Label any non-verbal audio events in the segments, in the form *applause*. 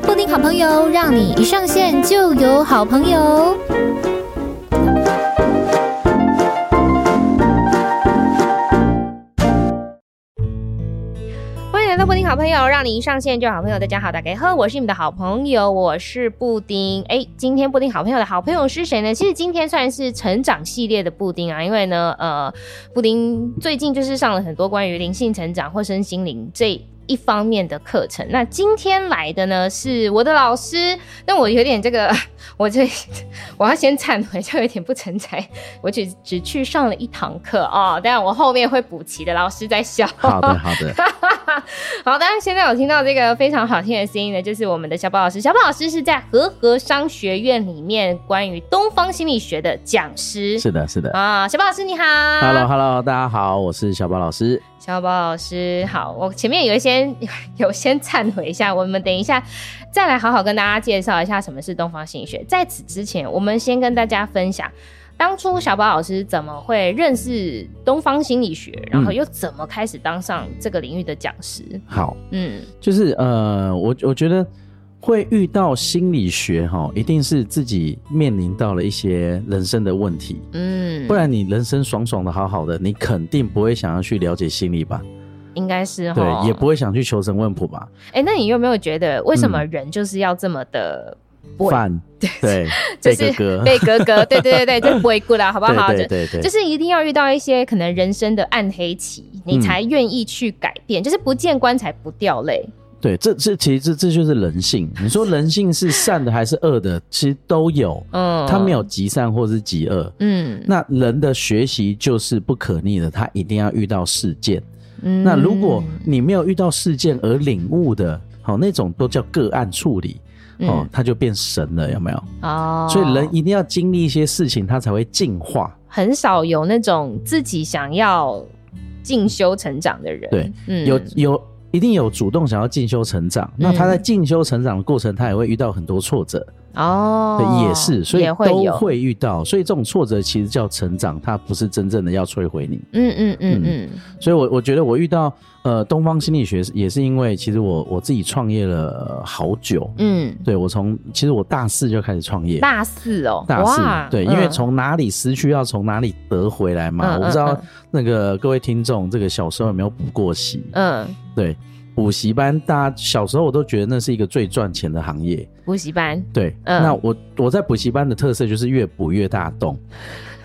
布丁好朋友，讓你一上線就有好朋友。歡迎來到布丁好朋友，讓你一上線就好朋友。大家好，大家好，我是你們的好朋友，我是布丁。哎，今天布丁好朋友的好朋友是誰呢？其實今天算是成長系列的布丁啊，因為呢，呃，布丁最近就是上了很多關於靈性成長或身心靈這一方面的課程，那今天來的呢是我的老師，那我有點這個，我這我要先懺悔，就有點不成才，我只只去上了一堂課哦，但我後面會補齊的。老師在笑，好的好的， *laughs* 好的，現在我聽到這個非常好聽的聲音呢，就是我們的小寶老師，小寶老師是在禾禾商學院裡面關於東方心理學的講師，是的，是的啊，哦，小寶老師你好，Hello Hello，大家好，我是小寶老師，小寶老師好，我前面有一些。 *laughs* 有先懺悔一下，我們等一下再來好好跟大家介紹一下什麼是東方心理學。在此之前，我們先跟大家分享當初小寶老師怎麼會認識東方心理學，然後又怎麼開始當上這個領域的講師。好，嗯，嗯，就是呃，我我覺得會遇到心理學哈，一定是自己面臨到了一些人生的問題，嗯，不然你人生爽爽的好好的，你肯定不會想要去了解心理吧。應該是對，也不會想去求神問卜吧？哎、欸，那你有沒有覺得，為什麼人就是要這麼的犯、嗯？對，被 *laughs* 是被格格，對，格格 *laughs* 對對對對，不會過了，好不好？對對，對對，就是一定要遇到一些可能人生的暗黑期，你才願意去改變、嗯，就是不見棺材不掉淚。對，這這其實這，這就是人性。你說人性是善的還是惡的？ *laughs* 其實都有，嗯，它沒有極善或是極惡，嗯。那人的學習就是不可逆的，他一定要遇到事件。那如果你沒有遇到事件而領悟的，好、嗯、那種都叫個案處理，嗯、哦，他就變神了，有沒有？哦，所以人一定要經歷一些事情，他才會進化。很少有那種自己想要進修成長的人，對，嗯、有有一定有主動想要進修成長，嗯、那他在進修成長的過程，他也會遇到很多挫折。哦、oh，也是，所以都會遇到會。所以這種挫折其實叫成長，它不是真正的要摧毀你。嗯嗯嗯嗯。所以我我覺得我遇到呃東方心理學也是因為其實我我自己創業了好久。嗯，對，我從其實我大四就開始創業。大四哦，大四，對、嗯，因為從哪裡失去要從哪裡得回來嘛。嗯嗯、我不知道那個各位聽眾，這個小時候有沒有補過習？嗯，對。補習班，大家小時候我都覺得那是一個最賺錢的行業。補習班，對，嗯。那我我在補習班的特色就是越補越大洞。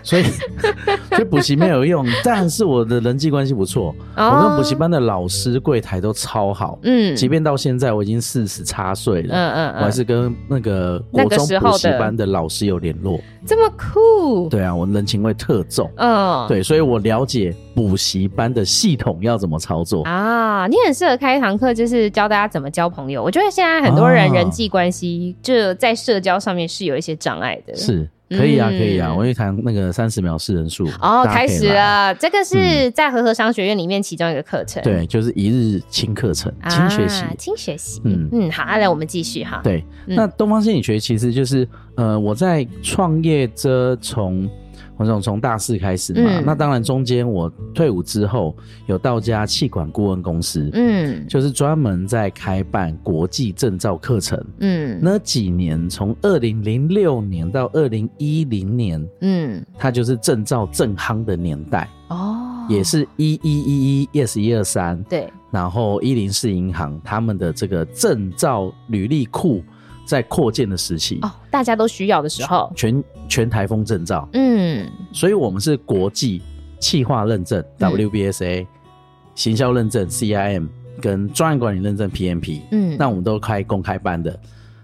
*laughs* 所以，所以補習沒有用， *laughs* 但是我的人際關係不錯。Oh, 我跟補習班的老師、櫃台都超好。嗯，即便到現在我已經四十差歲了，嗯嗯我還是跟那個國中補習班的老師有聯絡、那個。這麼酷？對啊，我人情味特重。嗯、oh.，對，所以我了解補習班的系統要怎麼操作啊。Oh, 你很適合開一堂課，就是教大家怎麼交朋友。我覺得現在很多人、oh. 人際關係，就在社交上面是有一些障礙的。是。可以啊，嗯，可以啊，我一談那個三十秒視人術哦，開始了。這個是在禾禾商學院裡面其中一個課程，嗯，對，就是一日輕課程、輕、啊、學習、輕學習。嗯嗯，嗯，好、啊，來我們繼續哈。對、嗯，那東方心理學其實就是，呃，我在創業者從。我從大四開始嘛，嗯，那當然中間我退伍之後有到家企管顧問公司，嗯，就是專門在開辦國際證照課程，嗯，那幾年從二零零六年到二零一零年，嗯，它就是證照正夯的年代哦，也是一一一一，yes 一二三，對，然後一零四銀行他們的這個證照履歷庫。在擴建的時期哦，大家都需要的時候，全全台瘋證照，嗯，所以我們是國際企劃認證 WBSA，嗯，行銷認證 CIM 跟專案管理認證 PMP，嗯，那我們都開公開班的。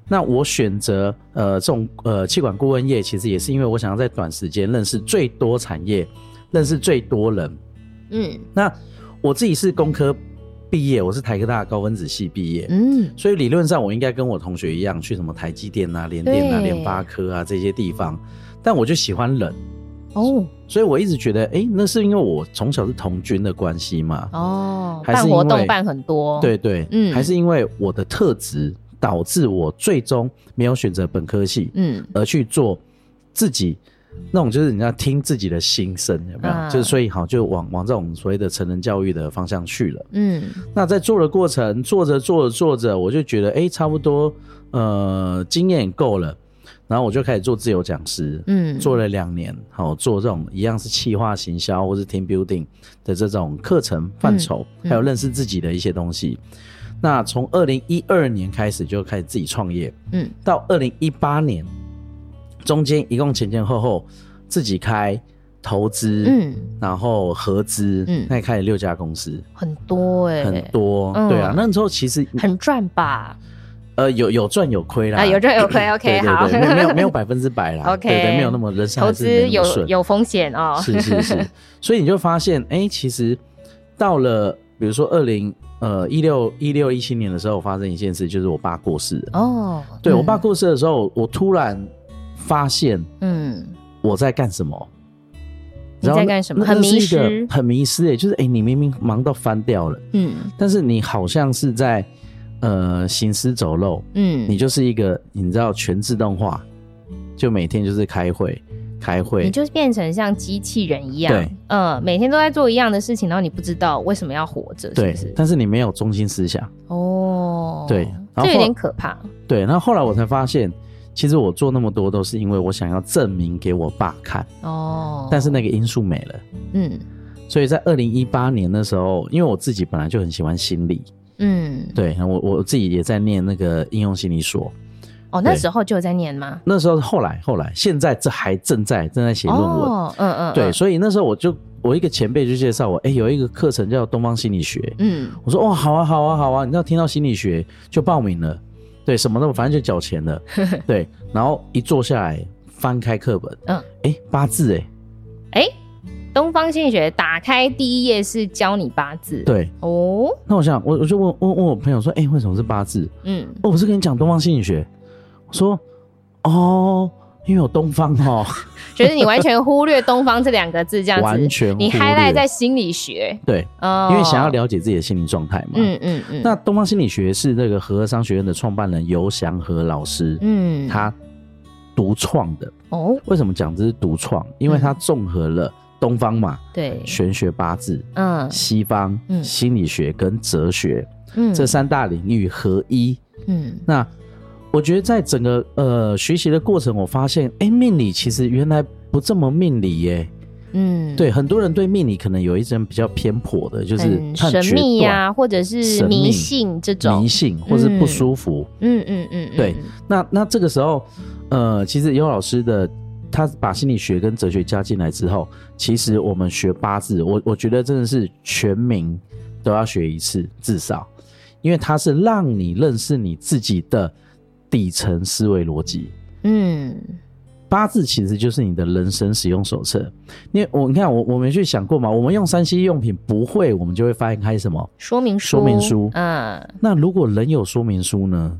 那我選擇呃這種呃企管顧問業，其實也是因為我想要在短時間認識最多產業，認識最多人，嗯，那我自己是工科畢業，我是台科大高分子系畢業，嗯，所以理論上我應該跟我同學一樣去什麼台積電啊、聯電啊、聯發科啊這些地方，但我就喜歡冷哦，所以我一直覺得，哎、欸，那是因為我從小是童軍的關係嘛，哦，還是因為活動辦很多，對對、對、嗯，還是因為我的特質導致我最終沒有選擇本科系，嗯，而去做自己。那種就是人家聽自己的心聲，有沒有？Uh, 就是所以好，就往往這種所謂的成人教育的方向去了。嗯，那在做的過程，做着做着做着，我就覺得哎、欸，差不多呃經驗也夠了，然後我就開始做自由講師。嗯，做了兩年，好、哦、做這種一樣是企劃行銷或是 team building 的這種課程範疇、嗯嗯，還有認識自己的一些東西。嗯嗯、那從二零一二年開始就開始自己創業。嗯，到二零一八年。中間一共前前後後自己開投資，嗯，然後合資，嗯，那開了六家公司，很多哎、欸，很多、嗯，對啊，那時候其實很賺吧？呃，有有賺有虧啦，啊，有賺有虧 *coughs* ，OK，對對對，好，沒有沒有，沒有百分之百啦 *laughs* ，OK，對，對，對，沒有那麼，人生投資有有，有風險哦，是是是，所以你就發現，哎、欸，其實到了比如說二零呃一六一六一七年的時候，發生一件事，就是我爸過世了哦，對、嗯、我爸過世的時候，我突然，發現，嗯，我在幹什麼？你在幹什麼？很迷失，很迷失誒！就是，哎，你明明忙到翻掉了，嗯，但是你好像是在，呃，行屍走肉，嗯，你就是一個，你知道，全自動化，就每天就是開會，開會，你就變成像機器人一樣，嗯，每天都在做一樣的事情，然後你不知道為什麼要活着，是不是？但是你沒有中心思想，哦，對，這有點可怕。對，然後後來我才發現。其實我做那麼多都是因為我想要證明給我爸看哦，但是那個因素沒了，嗯，所以在二零一八年的時候，因為我自己本來就很喜歡心理，嗯，對我我自己也在念那個應用心理所哦，那時候就有在念嗎？那時候後來後來，現在這還正在正在寫論文，嗯、哦、嗯、呃呃呃，對，所以那時候我就我一個前輩就介紹我，哎、欸，有一個課程叫東方心理學，嗯，我說，哇、哦，好啊好啊好啊，你知道聽到心理學就報名了。對，什麼都反正就繳錢了， *laughs* 對。然後一坐下來，翻開課本，嗯，哎、欸，八字，哎，哎，東方心理學打開第一頁是教你八字，對，哦。那我想，我我就問問問我朋友說，哎、欸，為什麼是八字？嗯，哦、我不是跟你講東方心理學，我說，哦。因為有東方哈、喔 *laughs* ，覺得你完全忽略東方這兩個字這樣子， *laughs* 完全忽略你還賴在心理學對，oh. 因為想要了解自己的心理狀態嘛。嗯嗯嗯。那東方心理學是這個禾禾商學院的創辦人游祥和老師，嗯，他獨創的哦。Oh. 為什麼講這是獨創？因為他綜合了東方嘛，對、嗯，玄學八字，嗯，西方嗯心理學跟哲學，嗯，這三大領域合一，嗯，那。我覺得在整個呃學習的過程，我發現哎、欸，命理其實原來不這麼命理耶、欸，嗯，對，很多人對命理可能有一種比較偏頗的，就是神秘呀、啊，或者是迷信這種迷信，或者不舒服，嗯嗯嗯，對。那那這個時候，呃，其實尤老師的他把心理學跟哲學加進來之後，其實我們學八字，我我覺得真的是全民都要學一次至少，因為他是讓你認識你自己的。底層思維邏輯，嗯，八字其實就是你的人生使用手冊。你我你看，我我沒去想過嘛？我們用 3C 用品不會，我們就會翻開什麼說明書？說明書，嗯。那如果人有說明書呢？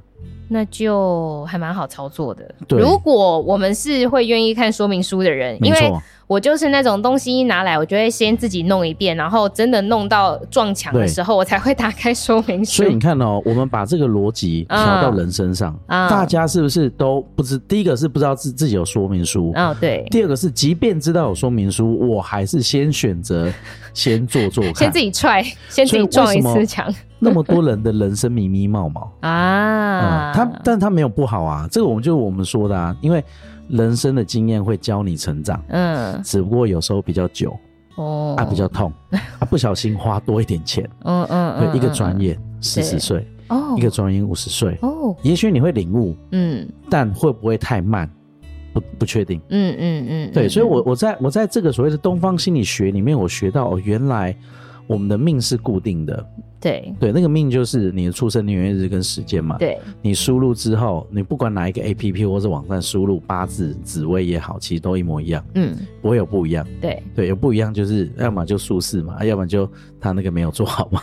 那就還蠻好操作的對。如果我們是會願意看說明書的人，沒錯，因為。我就是那種東西一拿來，我就會先自己弄一遍，然後真的弄到撞牆的時候，我才會打開說明書。所以你看哦、喔，我們把這個邏輯調到人身上、嗯，大家是不是都不知？第一個是不知道自自己有說明書，哦、嗯、對。第二個是即便知道有說明書，我還是先選擇先做做看， *laughs* 先自己踹，先自己撞一次牆。麼那麼多人的人生迷迷茫茫啊，他、嗯嗯、但他沒有不好啊，這個我們就是我們說的啊，因為。人生的經驗會教你成長，嗯、uh,，只不過有時候比較久，哦、oh.，啊，比較痛， *laughs* 啊，不小心花多一點錢，嗯嗯，一個轉眼四十歲，哦、yeah. oh.，一個轉眼五十歲，哦、oh.，也許你會領悟，嗯、mm.，但會不會太慢，不不確定，嗯嗯嗯，對，所以，我我在我在這個所謂的東方心理學裡面，我學到哦，原來。我們的命是固定的，對對，那個命就是你的出生年月日跟時間嘛。對，你輸入之後，你不管哪一個 APP 或者網站輸入八字紫微也好，其實都一模一樣，嗯，不會有不一樣。對對，有不一樣就是要麼就術士嘛，啊、要麼就他那個沒有做好嘛。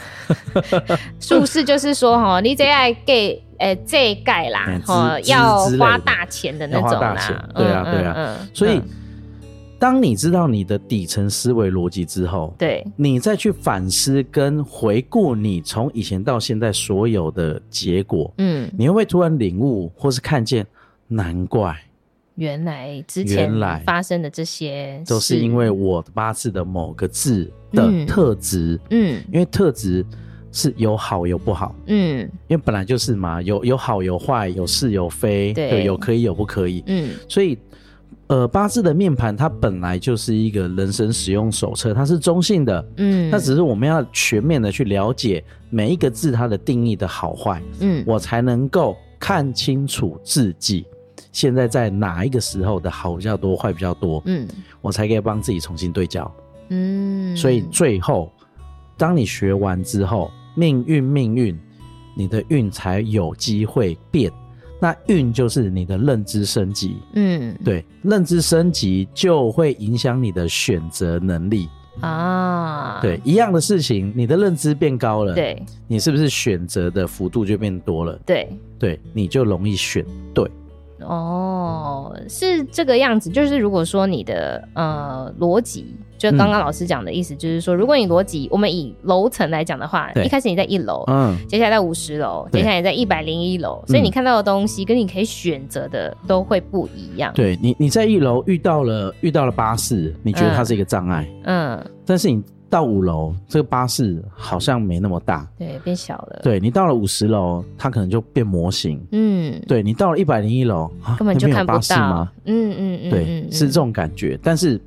術 *laughs* 士就是說哈，你最愛給誒，這蓋啦、 *laughs* 哦，要花大錢的那種啦。花大錢，對啊，對啊，嗯嗯嗯，所以。嗯當你知道你的底層思維邏輯之後，對你再去反思跟回顧你從以前到現在所有的結果，嗯，你會不會突然領悟或是看見，難怪，原來之前發生的這些都是因為我八字的某個字的特質，嗯，嗯，因為特質是有好有不好，嗯，因為本來就是嘛，有有好有壞，有是有非，對，有可以有不可以，嗯，所以。呃，八字的命盤它本來就是一個人生使用手冊，它是中性的。嗯，那只是我們要全面的去了解每一個字它的定義的好壞。嗯，我才能夠看清楚自己現在在哪一個時候的好比較多，壞比較多。嗯，我才可以幫自己重新對焦。嗯，所以最後，當你學完之後，命運，命運，你的運才有機會變。那運就是你的認知升級，嗯，對，認知升級就會影響你的選擇能力啊，對，一樣的事情，你的認知變高了，對你是不是選擇的幅度就變多了？對，對，你就容易選對。哦，是這個樣子，就是如果說你的呃邏輯。邏輯就剛剛老師講的意思，就是說，嗯、如果你邏輯，我們以樓層來講的話，一開始你在一樓、嗯，接下來在五十樓，接下來在一百零一樓，所以你看到的東西跟你可以選擇的都會不一樣。嗯、對你，你在一樓遇到了遇到了巴士，你覺得它是一個障礙、嗯，嗯，但是你到五樓，這個巴士好像沒那麼大，嗯、對，變小了。對你到了五十樓，它可能就變模型，嗯，對你到了一百零一樓，根本就看不到，是嗎？嗯嗯嗯，對，是這種感覺，嗯、但是。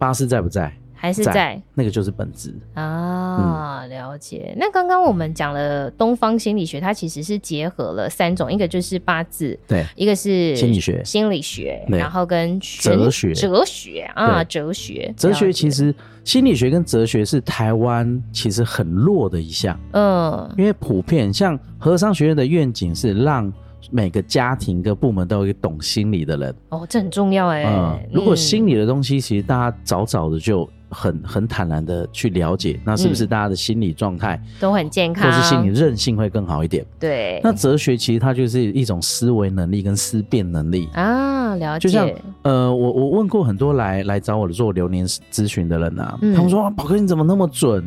八字在不在？還是在？在那個就是本質啊、嗯！了解。那剛剛我們講了東方心理學，它其實是結合了三種，一個就是八字，對，一個是心理學，心理學，然後跟學哲學，哲學啊，哲學，哲學其實、嗯、心理學跟哲學是台灣其實很弱的一項，嗯，因為普遍像禾禾商學院的願景是讓。每個家庭、各部門都有一個懂心理的人哦，這很重要哎、欸嗯。如果心理的東西，嗯、其實大家早早的就很很坦然的去了解，那是不是大家的心理狀態、嗯、都很健康，或是心理韌性會更好一點？對，那哲學其實它就是一種思維能力跟思辨能力啊。了解，就像呃，我我問過很多來來找我做流年諮詢的人啊、嗯、他們說寶哥你怎麼那麼準？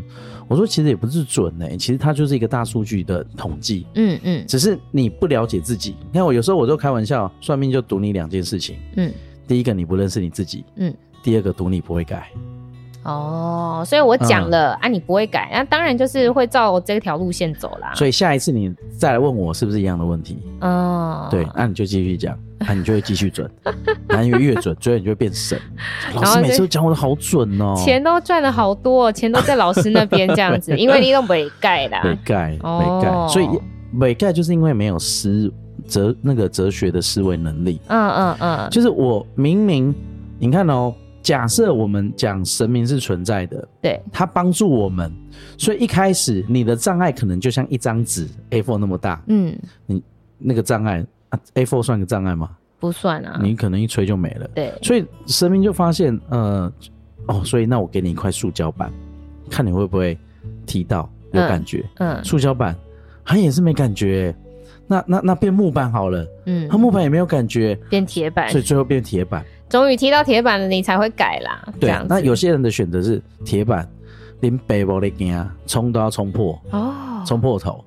我說其實也不是準呢、欸，其實它就是一個大數據的統計，嗯嗯，只是你不了解自己。你看我有時候我都開玩笑，算命就賭你兩件事情，嗯，第一個你不認識你自己，嗯，第二個賭你不會改。哦、oh，所以我講了、嗯、啊，你不會改啊，當然就是會照這條路線走啦。所以下一次你再來問我是不是一樣的問題？嗯、oh，對，那、啊、你就繼續講，那、 *laughs* 啊、你就會繼續準，然後越越準，最後你就會變神 *laughs* 然後就。老師每次都講我的好準哦、喔，錢都賺了好多、喔，錢都在老師那邊這樣子， *laughs* 沒因為你都沒改啦，沒改，沒改，所以沒改、oh，就是因為沒有思哲那個哲學的思維能力。嗯嗯嗯，就是我明明你看哦、喔。假設我們講神明是存在的，對，它幫助我們，所以一開始你的障礙可能就像一張紙 A four 那麼大，嗯，你那個障礙啊，A four 算個障礙嗎？不算啊，你可能一吹就沒了。對，所以神明就發現，呃，哦，所以那我給你一塊塑膠板，看你會不會提到，有感覺？嗯，嗯，塑膠板它、啊、也是沒感覺。那那那變木板好了，嗯，他木板也沒有感覺，變鐵板，所以最後變鐵板，終於踢到鐵板了，你才會改啦。對，那有些人的選擇是鐵板，連背包裡面啊衝都要衝破哦，衝破頭，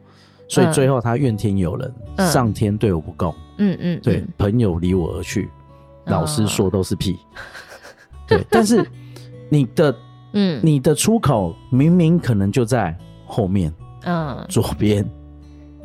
所以最後他怨天尤人，哦，上天對我不夠，嗯嗯，對，朋友離我而去，嗯，老師說都是屁，哦，對， *laughs* 但是你的嗯你的出口明明可能就在後面，嗯，左邊。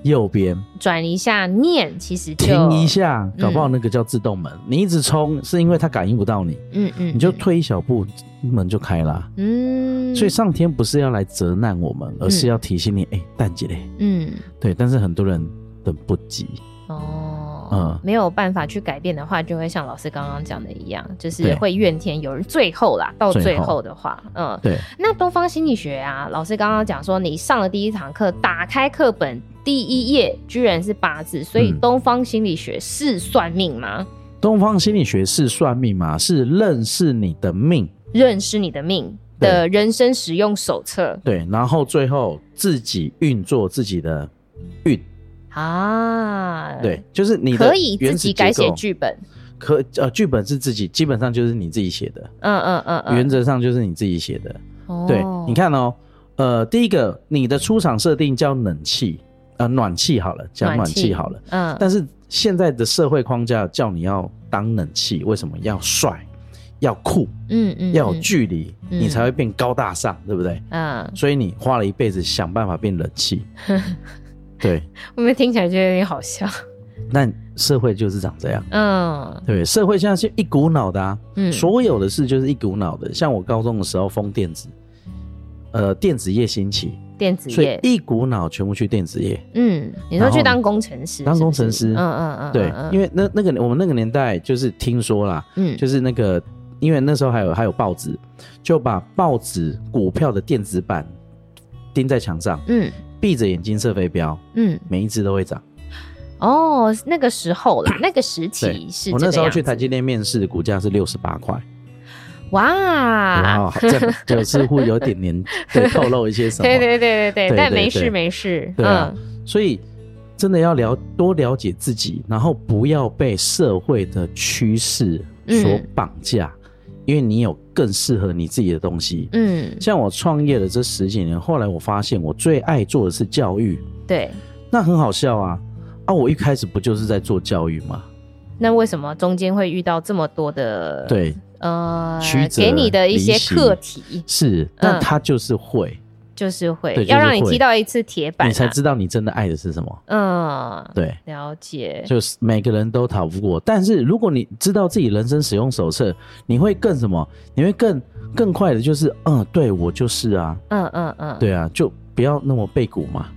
右邊轉一,一下，念其實停一下，搞不好那個叫自動門。嗯、你一直衝是因為它感應不到你，嗯嗯，你就退一小步，嗯、門就開啦。嗯，所以上天不是要來責難我們，而是要提醒你，哎、嗯，淡季嘞。嗯，對，但是很多人等不及。哦。嗯，沒有辦法去改變的話，就會像老師剛剛講的一樣，就是會怨天尤人，最後啦，到最後的話，嗯，對。那東方心理學啊，老師剛剛講說，你上了第一堂課，打開課本第一頁，居然是八字，所以東方心理學是算命嗎？嗯，東方心理學是算命嗎？是認識你的命，認識你的命的人生使用手冊。對，對，然後最後自己運作自己的運。啊、ah,，對，就是你的原可以自己改寫劇本，可，呃，劇本是自己基本上就是你自己寫的，嗯嗯嗯，原則上就是你自己寫的。Oh. 對，你看哦、喔，呃，第一個你的出場設定叫冷氣啊、呃，暖氣好了，講暖氣好了，嗯，但是現在的社會框架叫你要當冷氣，嗯，為什麼要帥，要酷，嗯嗯，要有距離，嗯，你才會變高大上，對不對？嗯、uh.，所以你花了一輩子想辦法變冷氣。 *laughs* 對，我們聽起來覺得有點好笑。那社會就是長這樣，嗯，對，社會現在是一股腦的啊，嗯，所有的事就是一股腦的。像我高中的時候，封電子，呃，電子業興起，電子業一股腦全部去電子業，嗯，你說去當工程師是不是，當工程師，嗯嗯、啊、嗯、啊啊啊，對，因為那那個我們那個年代就是聽說啦，嗯，就是那個，因為那時候還有還有報紙，就把報紙股票的電子版釘在牆上，嗯。閉着眼睛射飛鏢，嗯，每一支都會漲。哦，那個時候啦，那個時期是。我那時候去台積電面試的股價是六十八塊。哇，哦，這就似乎有點年 *laughs* 透露一些什麼？對對對對對,對,對，但沒事沒事。對對對，沒事，嗯，所以真的要了多了解自己，然後不要被社會的趨勢所綁架。嗯因為你有更適合你自己的東西，嗯，像我創業了這十幾年，後來我發現我最愛做的是教育，對，那很好笑啊，啊，我一開始不就是在做教育嗎？那為什麼中間會遇到這麼多的對呃曲折給你的一些課題？是、嗯，那他就是會。就是會要讓你踢到一次鐵板，啊就是，你才知道你真的愛的是什麼。嗯，對，了解。就是每個人都逃不過，但是如果你知道自己人生使用手冊，你會更什麼？你會更更快的，就是嗯，對我就是啊，嗯嗯嗯，對啊，就不要那麼背骨嘛。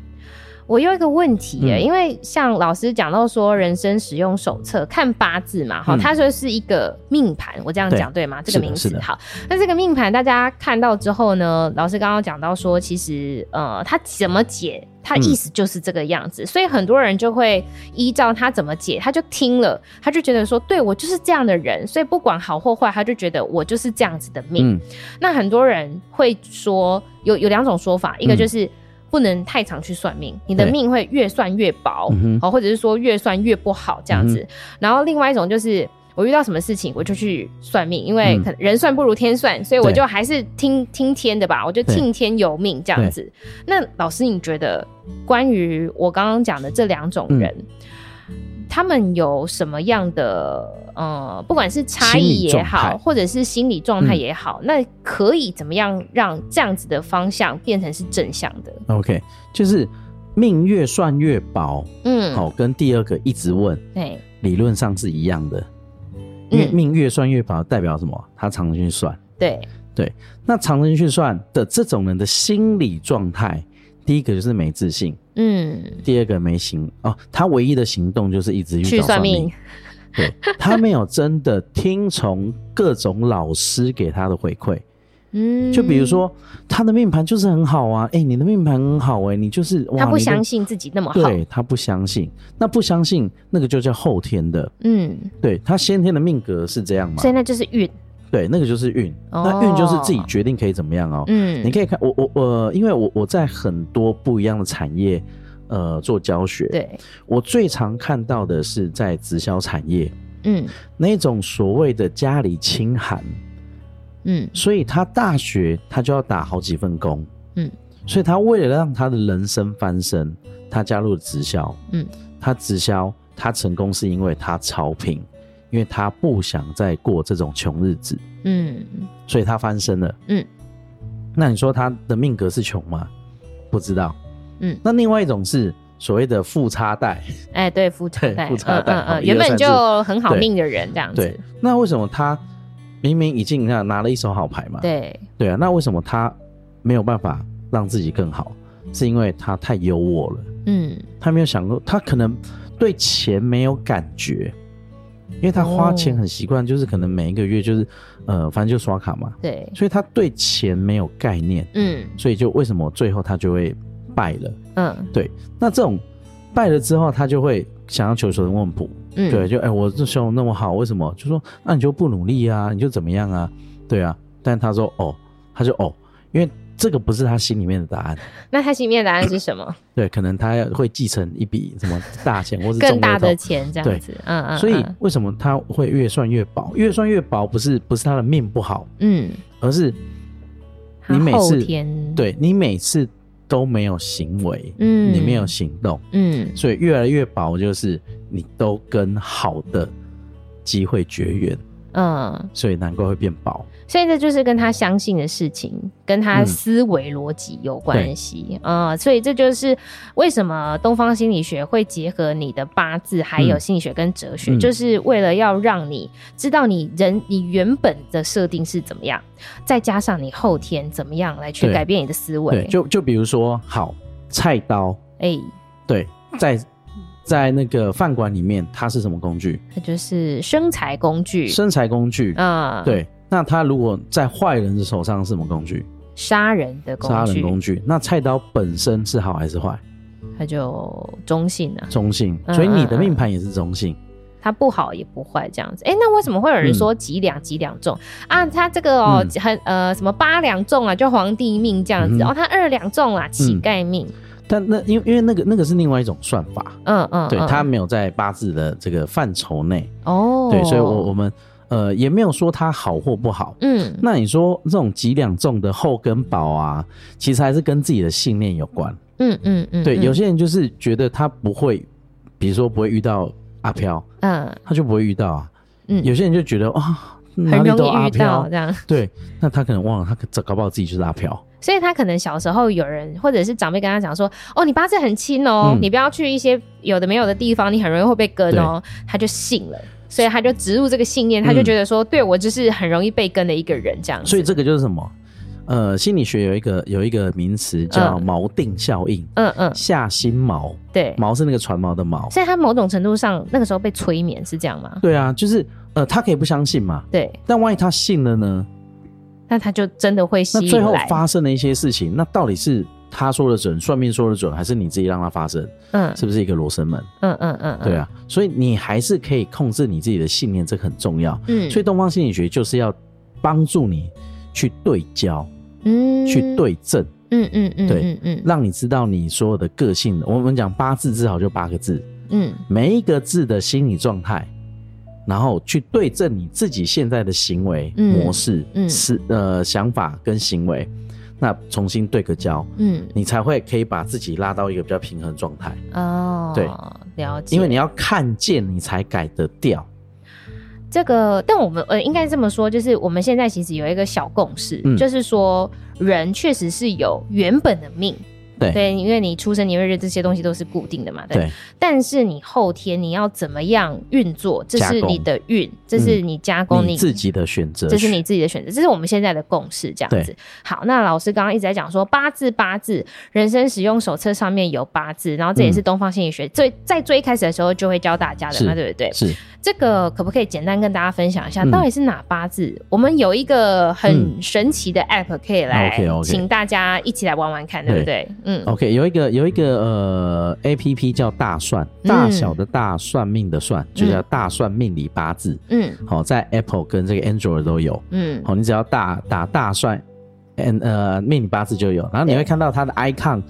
我有一個問題耶，嗯、因為像老師講到說人生使用手冊、嗯、看八字嘛，哈、嗯，他說是，是一個命盤，我這樣講對嗎對？這個名詞好是的，那這個命盤大家看到之後呢，老師剛剛講到說，其實呃，他怎麼解，他意思就是這個樣子、嗯，所以很多人就會依照他怎麼解，他就聽了，他就覺得說，對我就是這樣的人，所以不管好或壞，他就覺得我就是這樣子的命。嗯、那很多人會說，有有兩種說法，一個就是。嗯不能太常去算命，你的命會越算越薄哦，或者是說越算越不好這樣子、嗯。然後另外一種就是，我遇到什麼事情我就去算命，因為可能人算不如天算、嗯，所以我就還是聽聽天的吧，我就聽天由命這樣子。那老師，你覺得關於我剛剛講的這兩種人？嗯他們有什麼樣的呃、嗯，不管是差異也好，或者是心理狀態也好、嗯，那可以怎麼樣讓這樣子的方向變成是正向的？OK，就是命越算越薄，嗯，哦，跟第二個一直問，對，理論上是一樣的。因為命越算越薄代表什麼？他常常去算，對對。那常常去算的這種人的心理狀態。第一個就是沒自信，嗯，第二個沒行哦，他唯一的行動就是一直去算命，算命 *laughs* 對，他沒有真的聽從各種老師給他的回饋，嗯，就比如說他的命盤就是很好啊，哎、欸，你的命盤很好哎、欸，你就是他不相信自己那麼好，對，他不相信，那不相信那個就叫後天的，嗯，對他先天的命格是這樣嗎？所以那就是運。對，那個就是運。那運就是自己決定可以怎麼樣、喔、哦。嗯，你可以看我我我、呃，因為我我在很多不一樣的產業，呃，做教學。對，我最常看到的是在直銷產業。嗯，那種所謂的家裡清寒。嗯，所以他大學他就要打好幾份工。嗯，所以他為了讓他的人生翻身，他加入了直銷。嗯，他直銷他成功是因為他超頻。因為他不想再過這種窮日子，嗯，所以他翻身了，嗯。那你說他的命格是窮嗎？不知道，嗯。那另外一種是所謂的富差代，哎、欸，對，富差代，富差代，原本就很好命的人這樣子對。那為什麼他明明已經拿了一手好牌嘛？對，對啊。那為什麼他沒有辦法讓自己更好？是因為他太有我優渥了，嗯。他沒有想過，他可能對錢沒有感覺。因為他花錢很習慣，oh. 就是可能每一個月就是，呃，反正就刷卡嘛。對，所以他對錢沒有概念。嗯，所以就為什麼最後他就會敗了？嗯，對。那這種、嗯、敗了之後，他就會想要求求人問卜。嗯，對，就哎、欸，我這收入那麼好，為什麼？就說那、啊、你就不努力啊，你就怎麼樣啊？對啊。但他說哦，他就哦，因為。這個不是他心裡面的答案，那他心裡面的答案是什麼？ *laughs* 對，可能他會繼承一筆什麼大錢，或是更大的錢這樣子。嗯嗯。所以為什麼他會越算越薄？嗯、越算越薄，不是不是他的命不好，嗯，而是你每次他後天對你每次都沒有行為，嗯，你沒有行動，嗯，所以越來越薄，就是你都跟好的機會絕緣，嗯，所以難怪會變薄。所以這就是跟他相信的事情，跟他思維邏輯有關係啊、嗯嗯。所以這就是為什麼東方心理學會結合你的八字，還有心理學跟哲學，嗯、就是為了要讓你知道你人你原本的設定是怎麼樣，再加上你後天怎麼樣來去改變你的思維。就就比如說，好菜刀，哎、欸，對，在在那個飯館裡面，它是什麼工具？它就是生財工具，生財工具啊、嗯，對。那他如果在壞人的手上是什麼工具？殺人的工具。殺人工具。那菜刀本身是好還是壞？它就中性啊，中性。所以你的命盤也是中性。它、嗯嗯嗯、不好也不壞這樣子。哎、欸，那為什麼會有人說幾兩幾兩重啊？他這個、哦嗯、很呃什麼八兩重啊，就皇帝命這樣子嗯嗯哦。他二兩重啊，乞丐命。嗯、但那因為因為那個那個是另外一種算法。嗯嗯，嗯，對，它沒有在八字的這個範疇內哦。對，所以我我們。呃，也沒有說他好或不好。嗯，那你說這種幾兩重的後跟寶啊、嗯，其實還是跟自己的信念有關。嗯嗯嗯，對嗯，有些人就是覺得他不會，嗯、比如說不會遇到阿飄，嗯，他就不會遇到啊。嗯，有些人就覺得哇、哦，很容易遇到這樣。對，那他可能忘了，他搞不好自己就是阿飄。 *laughs* 所以他可能小時候有人或者是長輩跟他講說：“哦，你八字很親哦、喔嗯，你不要去一些有的沒有的地方，你很容易會被跟哦、喔。”他就信了。所以他就植入這個信念，他就覺得說，嗯、對我就是很容易被跟的一個人這樣。所以這個就是什麼？呃，心理學有一個有一個名詞叫錨定效應。嗯嗯，嗯，下心錨。對，錨是那個船錨的錨。所以他某種程度上那個時候被催眠是這樣嗎？對啊，就是呃，他可以不相信嘛。對，但萬一他信了呢？那他就真的會吸引。那最後發生的一些事情，那到底是？他說的準，算命說的準，還是你自己讓他發生？嗯，是不是一個羅生門？嗯嗯嗯，對啊，所以你還是可以控制你自己的信念，這個、很重要。嗯，所以東方心理學就是要幫助你去對焦，嗯，去對症，嗯嗯嗯，對嗯,嗯,嗯，讓你知道你所有的個性。我們講八字，至少就八個字，嗯，每一個字的心理狀態，然後去對症你自己現在的行為、嗯、模式，嗯，是、嗯、呃想法跟行為。那重新對個焦，嗯，你才會可以把自己拉到一個比較平衡狀態。哦，對，了解。因為你要看見，你才改得掉。這個，但我們呃，應該這麼說，就是我們現在其實有一個小共識，就是說，人確實是有原本的命。嗯對，因為你出生年月日這些東西都是固定的嘛，對。對，但是你後天你要怎麼樣運作，這是你的運，這是你加工你、嗯、你自己的選擇，這是你自己的選擇，這是我們現在的共識這樣子。好，那老師剛剛一直在講說八字八字人生使用手冊上面有八字，然後這也是東方心理學、嗯、最在最一開始的時候就會教大家的嘛，對不對？是。這個可不可以簡單跟大家分享一下、嗯，到底是哪八字？我們有一個很神奇的 app，、嗯、可以來，請大家一起來玩玩看，對、啊、不、okay, okay, 對？嗯，OK，有一個有一個呃，APP 叫大算，大小的大算命的算、嗯，就叫大算命理八字。嗯，好、哦，在 Apple 跟這個 Android 都有。嗯，好、哦，你只要打打大算呃命理八字就有。然後你會看到它的 icon。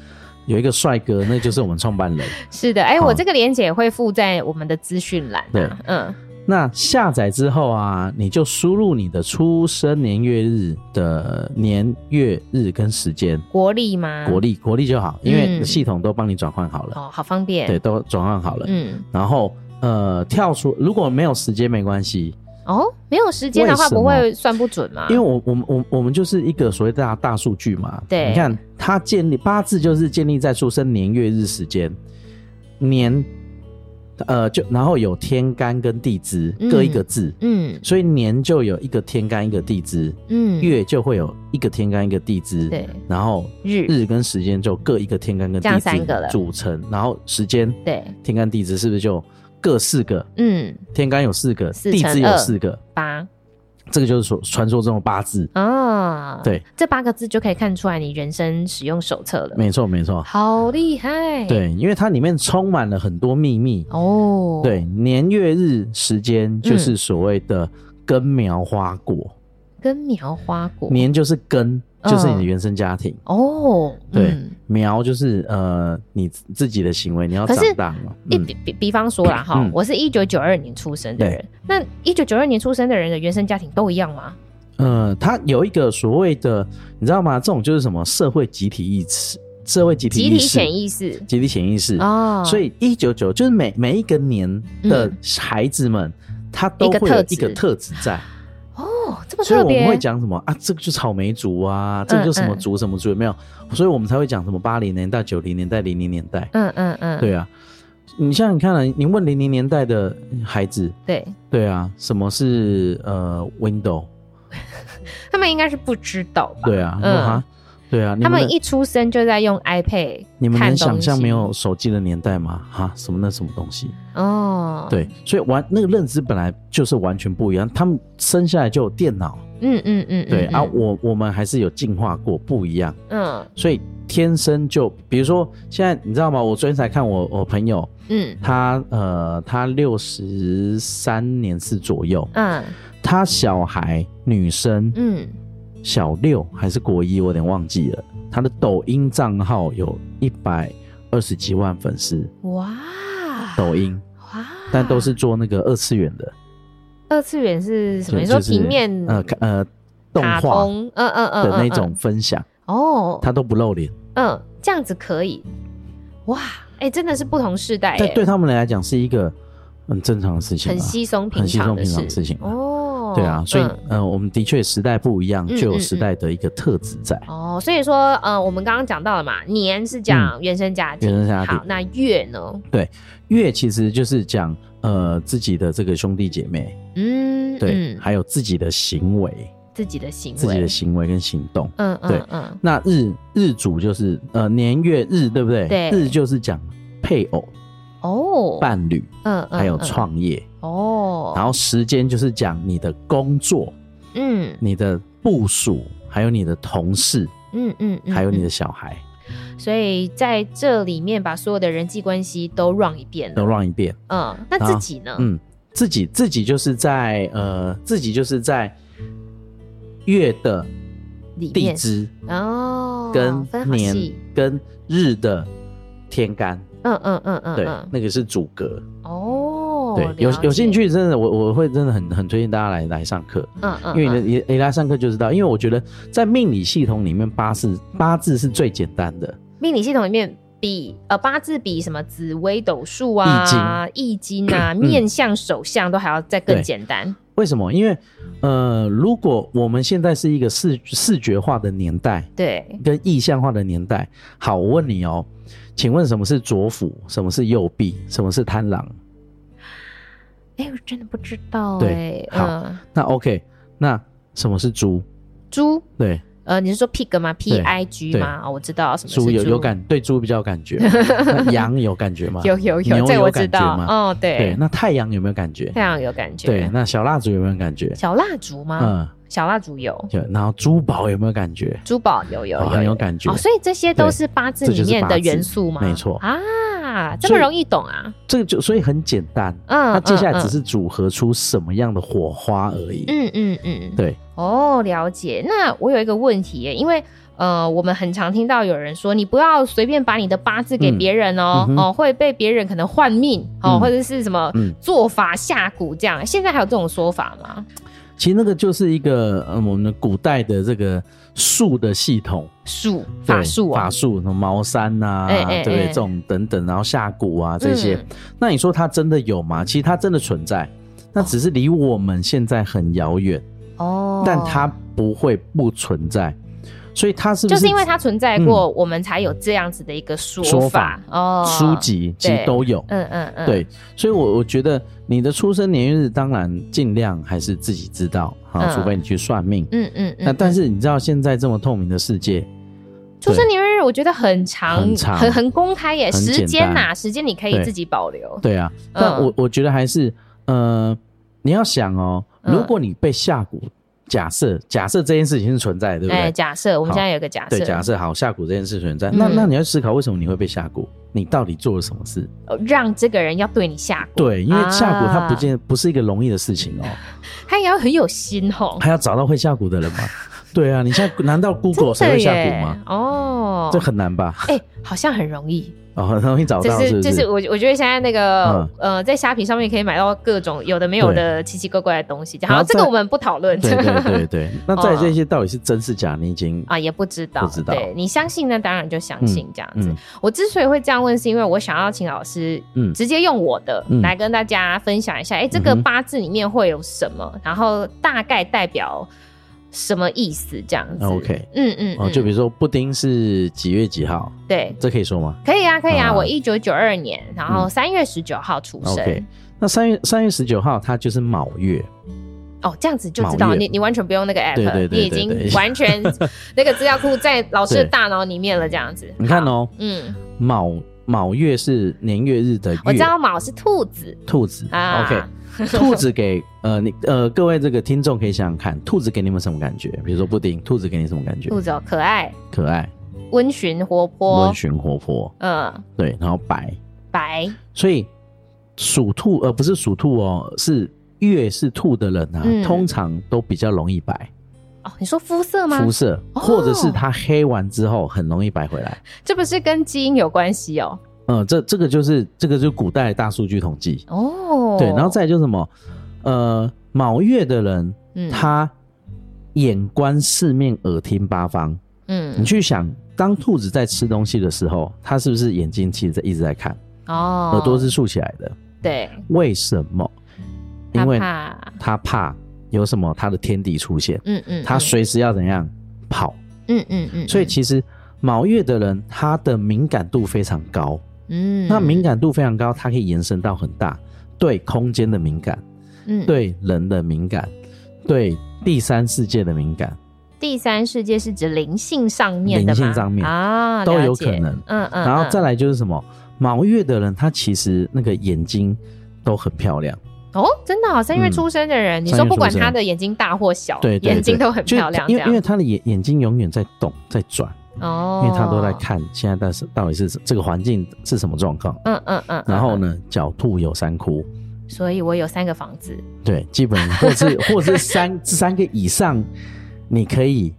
有一個帥哥，那就是我們創辦人。 *laughs* 是的，哎、欸嗯，我這個連結會附在我們的資訊欄。對，嗯。那下載之後啊，你就輸入你的出生年月日的年月日跟時間。國曆嗎？國曆，國曆就好，因為系統都幫你轉換好了。哦，好方便。對，都轉換好了。嗯。然後，呃，跳出如果沒有時間沒關係。哦，沒有時間的話不會算不準嗎？為什麼？因為我們我們我我們就是一個所謂的大大數據嘛。對，你看它建立八字就是建立在出生年月日時間，年，呃，就然後有天干跟地支，嗯，各一個字，嗯，所以年就有一個天干一個地支，嗯，月就會有一個天干一個地支，對，然後日日跟時間就各一個天干跟地支組成，然後時間，對，天干地支是不是就各四個，嗯，天干有四個，地支有四個，八，這個就是說傳說中的八字啊。對，這八個字就可以看出來你人生使用手冊了。沒錯，沒錯，好厲害。對，因為它裡面充滿了很多秘密哦。對，年月日時間就是所謂的根苗花果，嗯，根苗花果，年就是根。就是你的原生家庭、嗯、哦、嗯，對，苗就是呃你自己的行為，你要長大。你、嗯、比比比方說啦，哈、嗯，我是一九九二年出生的人，嗯、那一九九二年出生的人的原生家庭都一樣嗎？呃，他有一個所謂的，你知道嗎？這種就是什麼社會集體意識、社會集體集體潛意識、集體潛意識啊、哦。所以一九九就是每每一個年的孩子們，他、嗯、都會有一個特質在。哦、所以我們會講什麼啊？這個就是草莓族啊，這個就是什麼族什麼族，嗯嗯、沒有，所以我們才會講什麼八零年代、九零年代、零零年代。嗯嗯嗯，對啊。你像你看了、啊，你問零零年代的孩子，對對啊，什麼是呃，window？ *laughs* 他們應該是不知道吧？對啊，嗯。對啊，他們一出生就在用 iPad，你們能，你們能想象沒有手機的年代嗎？哈、啊，什麼那什麼東西？哦、oh.，對，所以完那個認知本來就是完全不一樣，他們生下來就有電腦，嗯嗯嗯，對、mm -hmm. 啊，我我們還是有進化過，不一樣，嗯、mm -hmm.，所以天生就，比如說現在你知道嗎？我昨天才看我我朋友，嗯、mm -hmm. 呃，他呃他六十三年次左右，嗯、mm -hmm.，他小孩女生，嗯、mm -hmm.。小六還是國一，我有點忘記了。他的抖音賬號有一百二十幾萬粉絲，哇！抖音哇，但都是做那個二次元的。二次元是什麼意思？你說、就是、平面？呃呃，動畫？嗯嗯呃的那種分享哦、嗯嗯嗯嗯。他都不露臉，嗯，這樣子可以。哇，哎、欸，真的是不同時代、欸。對他們來講是一個很正常的事情、啊，很稀鬆平常,很稀鬆平常的事情、啊、哦。對啊，所以嗯、呃，我們的確時代不一樣，就有時代的一個特質在、嗯嗯嗯。哦，所以說呃，我們剛剛講到了嘛，年是講原生家庭，原生家庭。好，那月呢？對，月其實就是講呃自己的這個兄弟姐妹嗯，嗯，對，還有自己的行為，自己的行為，自己的行為跟行動，嗯嗯，對嗯。那日日主就是呃年月日，對不對？對，日就是講配偶哦，伴侶，嗯，嗯還有創業。嗯嗯嗯哦，然後時間就是講你的工作，嗯，你的部署，還有你的同事，嗯嗯，嗯，還有你的小孩，所以在這裡面把所有的人際關係都 run 一遍，都 run 一遍。嗯，那自己呢？嗯，自己自己就是在呃，自己就是在月的地支哦，跟年跟日的天干，嗯嗯嗯嗯，對，嗯、那個是主格。哦。對，有有興趣，真的，我我會真的很很推薦大家來來上課，嗯嗯，因為你你你來上課就知道，因為我覺得在命理系統裡面，八字八字是最簡單的。嗯、命理系統裡面比呃八字比什麼紫微斗數啊、易經、易經啊、 *coughs* 面相、手相都還要再更簡單。為什麼？因為呃，如果我們現在是一個視視覺化的年代，對，跟意象化的年代。好，我問你哦，請問什麼是左輔？什麼是右弼？什麼是貪狼？哎、欸，我真的不知道，欸、對，好、嗯，那 OK，那什麼是豬？豬？對，呃，你是說 pig 嗎？P I G 嗎？哦、我知道什麼是豬。豬有有感，對豬比較有感覺。 *laughs* 羊有感覺嗎？有有有，有感覺嗎這個我知道。哦，對對，那太陽有沒有感覺？太陽有感覺。對，那小蠟燭有，有，有，有沒有感覺？小蠟燭嗎？嗯。小蠟燭有，然後珠寶有沒有感覺？珠寶有有，有，很有，有，有感覺、哦。所以這些都是八字裡面的元素嗎？沒錯啊，這麼容易懂啊？這個就所以很簡單。嗯，那、嗯嗯、接下來只是組合出什麼樣的火花而已。嗯嗯嗯，對。哦，了解。那我有一個問題，因為呃，我們很常聽到有人說，你不要隨便把你的八字給別人哦，嗯嗯、哦會被別人可能換命、嗯、哦，或者是什麼做法下蠱這樣、嗯嗯。現在還有這種說法嗎？其實那個就是一個，嗯、我們古代的這個術的系統，術法術、啊、法術，什麼茅山啊，對、欸、不、欸欸、對？這種等等，然後下蠱啊這些、嗯，那你說它真的有嗎？其實它真的存在，那只是離我們現在很遙遠哦，但它不會不存在。所以它是，是，就是因為它存在過、嗯，我們才有這樣子的一個說法，說法哦。書籍其實都有，嗯嗯嗯，對。嗯、所以，我我覺得你的出生年月日當然儘量還是自己知道哈、嗯啊，除非你去算命，嗯嗯嗯。那但是你知道現在這麼透明的世界，出生年月日我覺得很長，很長很公開耶。時間吶，時間你可以自己保留。對，對啊，那、嗯、我我覺得還是，嗯、呃、你要想哦、喔嗯，如果你被下蠱。假設假設這件事情是存在的，對不對？欸、假設我們現在有個假設，對假設好下蠱這件事存在。嗯、那那你要思考，為什麼你會被下蠱？你到底做了什麼事？讓這個人要對你下蠱？對，因為下蠱它不見、啊、不是一個容易的事情哦、喔，他也要很有心吼，還要找到會下蠱的人嗎？ *laughs* 對啊，你現在難道 Google 誰會下蠱嗎？哦，這很難吧？哎、欸，好像很容易。哦，很容易找到。就是就是，我我覺得現在那個、嗯、呃，在蝦皮上面可以買到各種有的沒有的奇奇怪怪的東西，然後這個我們不討論。對對對，對， *laughs* 對對對。那在這些到底是真是假？哦、你已經啊，也不知道。不知道。對，你相信那當然就相信這樣子。嗯嗯、我之所以會這樣問，是因為我想要請老師，嗯，直接用我的來跟大家分享一下。哎、嗯欸，這個八字裡面會有什麼？嗯、然後大概代表。什麼意思？這樣子？OK，嗯嗯，嗯、哦，就比如說布丁是幾月幾號？對，這可以說嗎？可以啊，可以啊，哦、啊我一九九二年，然後三月十九號出生。嗯、OK，那三月三月十九號，它就是卯月。哦，這樣子就知道你你完全不用那個 app，對對對對對對對，你已經完全那個資料庫 *laughs* 在老師的大腦裡面了，這樣子。你看哦，嗯，卯卯月是年月日的月，我知道卯是兔子，兔子啊。OK。 *laughs* 兔子給呃你呃各位這個聽眾可以想想看，兔子給你們什麼感覺？比如說布丁，兔子給你什麼感覺？兔子哦，可愛，可愛，溫馴活潑，溫馴活潑，嗯，對，然後白，白，所以屬兔呃不是屬兔哦，是月是兔的人啊。嗯、通常都比較容易白哦。你說膚色嗎？膚色，或者是它黑完之後很容易白回來，哦、這不是跟基因有關係哦。嗯、呃，這這個就是這個就是古代大數據統計哦，oh. 對，然後再來就是什麼，呃，卯月的人，嗯，他眼觀四面，耳聽八方，嗯，你去想，當兔子在吃東西的時候，它是不是眼睛其實一直在看，哦、oh.，耳朵是豎起來的，對，為什麼？因為他怕有什麼他的天敵出現，嗯嗯，嗯，他隨時要怎樣跑，嗯嗯嗯，所以其實卯月的人，他的敏感度非常高。嗯，那敏感度非常高，它可以延伸到很大，對空間的敏感，嗯，對人的敏感，對第三世界的敏感。第三世界是指靈性上面的吧？靈性上面啊，都有可能。嗯嗯。然後再來就是什麼，卯、嗯嗯、月的人，他其實那個眼睛都很漂亮。哦，真的、哦？好像因為出生的人、嗯，你說不管他的眼睛大或小，嗯、對、對、對、對，眼睛都很漂亮，因為因為他的眼眼睛永遠在動，在轉。哦，因為他都在看現在，是到底是這個環境是什麼狀況？嗯嗯嗯。然後呢，狡兔有三窟，所以我有三個房子。對，基本上是或是或是三這 *laughs* 三個以上，你可以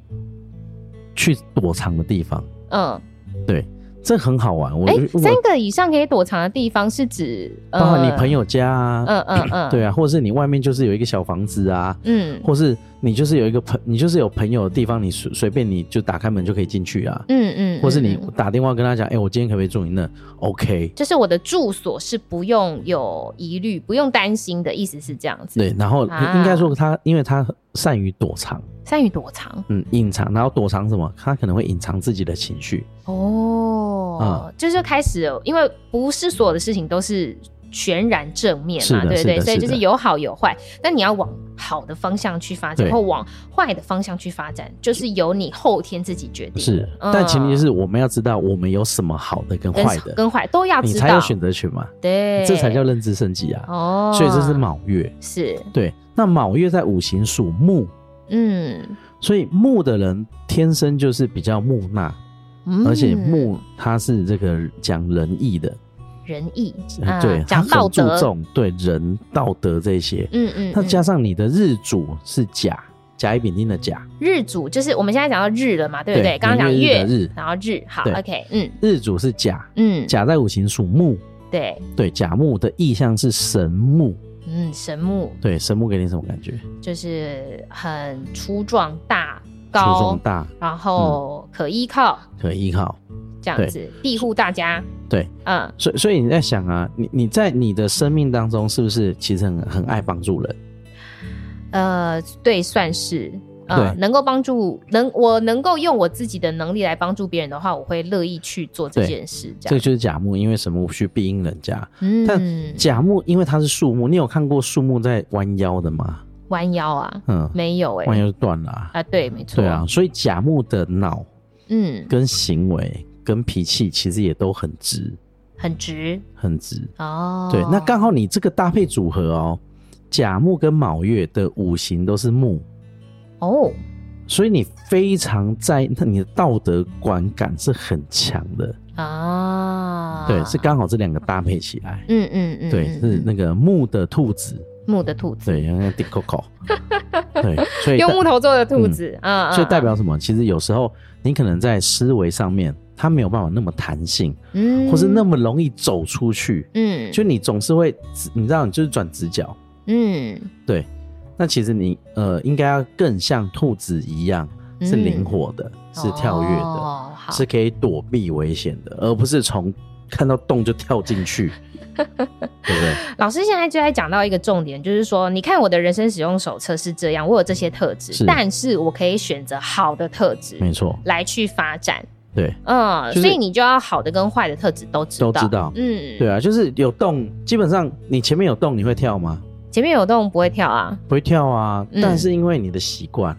去躲藏的地方。嗯，對，這很好玩。我，欸、我三個以上可以躲藏的地方是指包括你朋友家，啊？嗯嗯嗯。 *laughs* 對啊，或者是你外面就是有一個小房子啊。嗯，或是。你就是有一個朋，你就是有朋友的地方，你隨隨便你就打開門就可以進去啊。嗯，嗯嗯。或是你打電話跟他講，哎、欸，我今天可不可以住你那？OK。就是我的住所是不用有疑慮，不用擔心的意思是這樣子。對，然後應該說他、啊，因為他善於躲藏，善於躲藏。嗯，隱藏，然後躲藏什麼？他可能會隱藏自己的情緒。哦，啊、嗯，就是開始，因為不是所有的事情都是，全然正面嘛，對對，對。所以就是有好有壞，但你要往好的方向去發展，或往壞的方向去發展，就是由你後天自己決定。是、嗯，但前提是我們要知道我們有什麼好的跟壞的，跟壞都要知道你才有選擇權嘛，對，對這才叫認知升級啊！哦，所以這是卯月，是對。那卯月在五行屬木，嗯，所以木的人天生就是比較木訥、嗯，而且木他是這個講仁義的。仁義、嗯，對，講道德，他很注重，對人道德這些。嗯嗯，那加上你的日主是甲，甲乙丙丁的甲。日主就是我們現在講到日了嘛，對不對？剛剛講月日，日的日，然後日好，OK，嗯，日主是甲，嗯，甲在五行屬木，對對，甲木的意象是神木，嗯，神木，對，神木給你什麼感覺？就是很粗壯大高壯大，然後可依靠，嗯、可以依靠。這樣子庇護大家，對，嗯，所以所以你在想啊，你你在你的生命當中是不是其實很很愛幫助人？呃，對，算是，呃、對，能夠幫助能我能夠用我自己的能力來幫助別人的話，我會樂意去做這件事這樣。這個、就是甲木，因為什麼我去庇蔭人家？嗯、但甲木因為它是樹木，你有看過樹木在彎腰的嗎？彎腰啊，嗯，沒有哎、欸，彎腰就斷了啊，啊。對，沒錯，對啊，所以甲木的腦，嗯，跟行為、嗯。跟脾氣其實也都很直，很直，很直哦。對，那剛好你這個搭配組合哦、喔，甲木跟卯月的五行都是木哦，所以你非常在那你的道德觀感是很強的啊、哦。對，是剛好這兩個搭配起來，嗯嗯嗯，嗯，對，是那個木的兔子，木的兔子，對， *laughs* 用木頭做的兔子，所以 *laughs* 的兔子、嗯、啊，啊，啊，就代表什麼？其實有時候你可能在思維上面。它沒有辦法那麼彈性、嗯，或是那麼容易走出去。嗯，就你總是會，你知道，你就是轉直角。嗯，對。那其實你呃，應該要更像兔子一樣，嗯、是靈活的，是跳躍的、哦，是可以躲避危險的，而不是從看到洞就跳進去， *laughs* 對不對？老師現在就在講到一個重點，就是說，你看我的人生使用手冊是這樣，我有這些特質，但是我可以選擇好的特質，沒錯，來去發展。對，嗯、就是，所以你就要好的跟壞的特質都知道，都知道，嗯，對啊，就是有洞，基本上你前面有洞，你會跳嗎？前面有洞不會跳啊，不會跳啊，嗯、但是因為你的習慣，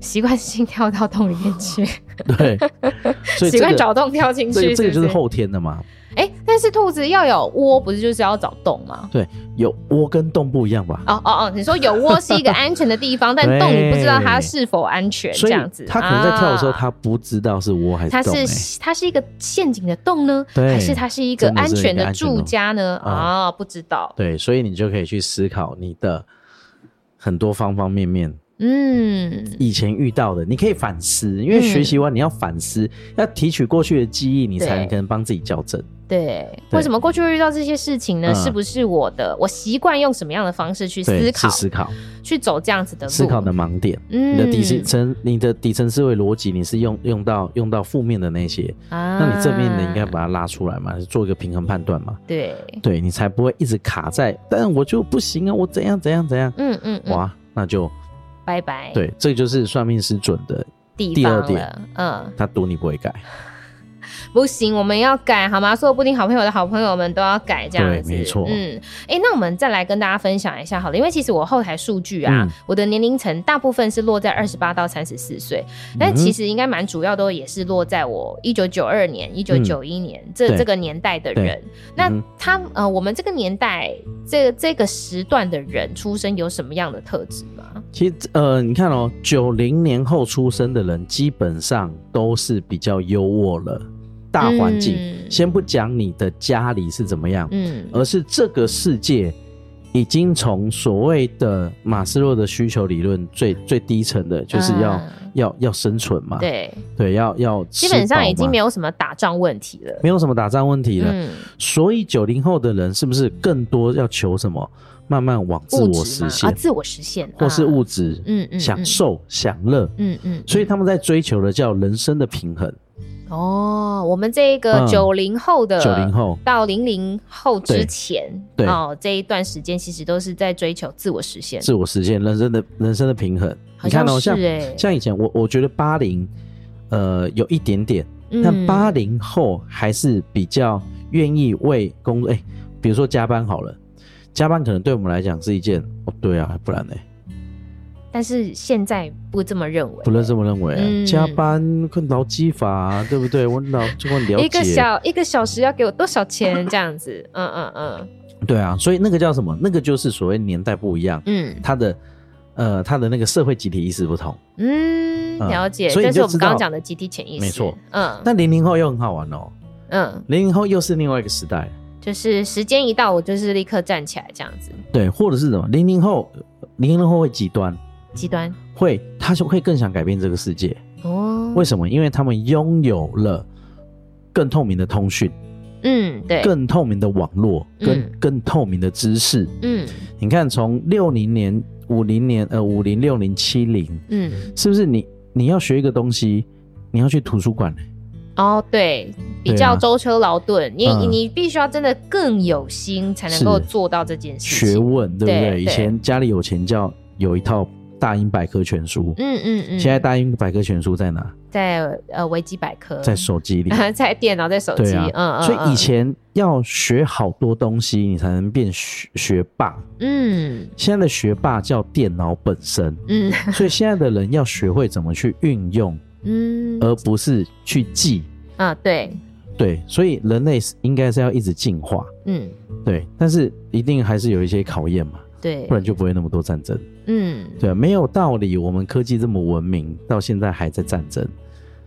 習慣性跳到洞裡面去， *laughs* 對， *laughs* 所以這個，習慣找洞跳進去，這個，這個就是後天的嘛。是不是？哎、欸，但是兔子要有窩，不是就是要找洞嗎？對，有窩跟洞不一樣吧？哦哦哦，你說有窩是一個安全的地方， *laughs* 但洞你不知道它是否安全，這樣子。它可能在跳的時候，它、啊、不知道是窩還是它、欸、是它是一個陷阱的洞呢，對還是它是一個安全的住家呢、嗯？啊，不知道。對，所以你就可以去思考你的很多方方面面。嗯，以前遇到的，你可以反思，因為學習完你要反思，嗯，要提取過去的記憶，你才能跟幫自己校正對。對，為什麼過去會遇到這些事情呢？嗯，是不是我的？我習慣用什麼樣的方式去思考？去思考，去走這樣子的路思考的盲點。嗯，你的底層，你的底層思維邏輯，你是用用到用到負面的那些啊？那你正面的應該把它拉出來嘛，做一個平衡判斷嘛。對，對你才不會一直卡在。但我就不行啊！我怎樣怎樣怎樣？嗯嗯，哇，嗯，那就。拜拜，對，這就是算命師準的第二點地方了。嗯，他賭你不會改， *laughs* 不行，我們要改好嗎？說不定好朋友的好朋友們都要改，這樣子，對，沒錯。嗯，哎、欸，那我們再來跟大家分享一下好了，因為其實我後台數據啊、嗯，我的年齡層大部分是落在二十八到三十四歲，但其實應該蠻主要的都也是落在我一九九二年、一九九一年、嗯、這這個年代的人。那他呃，我們這個年代這個、這個時段的人出生有什麼樣的特質？其實，呃，你看哦、喔，九零年後出生的人基本上都是比較優渥了。大環境、嗯、先不講你的家裡是怎麼樣，嗯，而是這個世界已經從所謂的馬斯洛的需求理論最最低層的就是要、嗯、要要生存嘛，對對，要要基本上已經沒有什麼打仗問題了，沒有什麼打仗問題了。嗯、所以九零後的人是不是更多要求什麼？慢慢往自我實現啊，自我實現，啊、或是物質，嗯嗯，享受、嗯、享樂，嗯嗯，所以他們在追求的叫人生的平衡。哦，我們這一個九零後的九零後、嗯、到零零後之前，對、對哦，這一段時間其實都是在追求自我實現，自我實現人生的、人生的平衡。欸、你看到、哦、像像以前我，我覺得八零呃有一點點，嗯、但八零後還是比較願意為工作，哎、欸，比如說加班好了。加班可能對我們來講是一件哦，對啊，不然呢？但是現在不這麼認為，不能這麼認為、啊嗯、加班困勞基法、啊， *laughs* 對不對？我勞，我了解一個小一個小時要給我多少錢這樣子？ *laughs* 嗯嗯嗯，對啊。所以那個叫什麼？那個就是所謂年代不一樣，嗯，他的呃，他的那個社會集體意識不同，嗯，了解。嗯、所以是我們剛剛講的集體潛意識沒錯，嗯。那零零後又很好玩哦，嗯，零零後又是另外一個時代。就是時間一到，我就是立刻站起來這樣子。對，或者是什麼？零零後，零零後會極端，極端會，他就會更想改變這個世界。哦，為什麼？因為他們擁有了更透明的通訊，嗯，對，更透明的網絡，跟、嗯、更透明的知識。嗯，你看，從六零年、五零年、呃，五零、六零、七零，嗯，是不是你？你你要學一個東西，你要去圖書館。哦，對，比較舟車勞頓，你、嗯、你必須要真的更有心才能夠做到這件事情。學問，對不對，對，對？以前家裡有錢叫有一套大英百科全書，嗯嗯嗯。現在大英百科全書在哪？在呃維基百科，在手機裡，在電腦，在手機。嗯嗯。所以以前要學好多東西，你才能變學學霸。嗯。現在的學霸叫電腦本身。嗯。所以現在的人要學會怎麼去運用，嗯，而不是去記。啊、哦，對，對，所以人類應該是要一直進化，嗯，對，但是一定還是有一些考驗嘛，對，不然就不會那麼多戰爭，嗯，對、啊，沒有道理，我們科技這麼文明，到現在還在戰爭。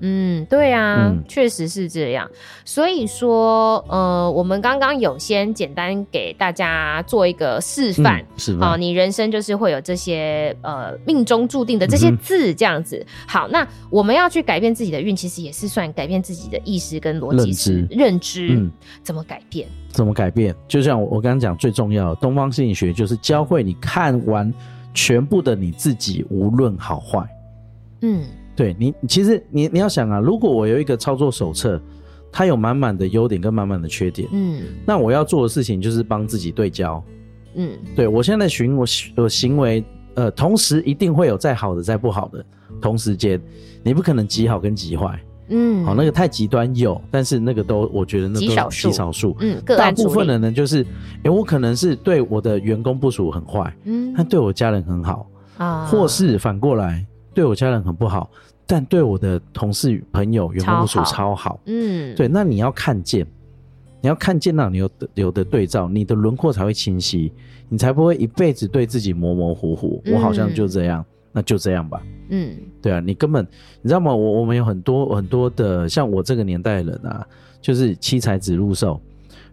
嗯，對啊，確、嗯、實是這樣。所以說，呃，我們剛剛有先簡單給大家做一個示範，是、嗯、啊、呃，你人生就是會有這些呃命中注定的這些字這樣子、嗯。好，那我們要去改變自己的運，其實也是算改變自己的意識跟邏輯是認知。認知，認知、嗯，怎麼改變？怎麼改變？就像我我剛剛講，最重要的東方心理學就是教會你看完全部的你自己，無論好壞，嗯。對你，其實你你要想啊，如果我有一個操作手冊，它有滿滿的優點跟滿滿的缺點，嗯，那我要做的事情就是幫自己對焦，嗯，對我現在尋我我行為呃，同時一定會有再好的再不好的同時間，你不可能極好跟極壞，嗯，好、喔、那個太極端有，但是那個都我覺得那都極少數，嗯，大部分的人就是，哎、欸，我可能是對我的員工部署很壞，嗯，但對我家人很好啊，或是反過來對我家人很不好。但對我的同事、朋友、員工來說超好，嗯，對。那你要看見，你要看見，那你有有的對照，你的輪廓才會清晰，你才不會一輩子對自己模模糊糊，嗯。我好像就這樣，那就這樣吧，嗯，對啊。你根本，你知道嗎？我我們有很多很多的，像我這個年代的人啊，就是七彩子入手，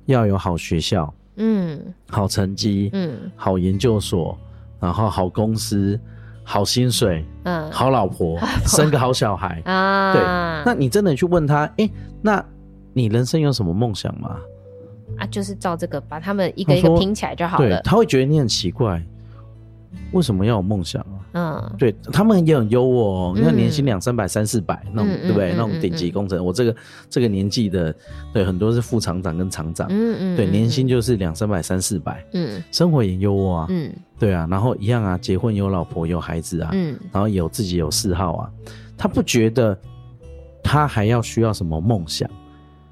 要有好學校，嗯，好成績，嗯，好研究所，然後好公司。好薪水，嗯，好老婆，生個好小孩啊。對，那你真的去問他，誒，那你人生有什麼夢想嗎？啊，就是照這個，把他們一個一個拼起來就好了。對，他會覺得你很奇怪，為什麼要有夢想？嗯、uh,，對他們也很優渥，喔，哦、嗯。你看年薪兩三百、三四百、嗯、那種、嗯，對不對？嗯、那種頂級工程，嗯、我這個這個年紀的，對，很多是副廠長跟廠長，嗯嗯，對，年薪就是兩三百、三四百，嗯，生活也優渥啊，嗯，對啊，然後一樣啊，結婚有老婆有孩子啊，嗯，然後有自己有嗜好啊，他不覺得他還要需要什麼夢想，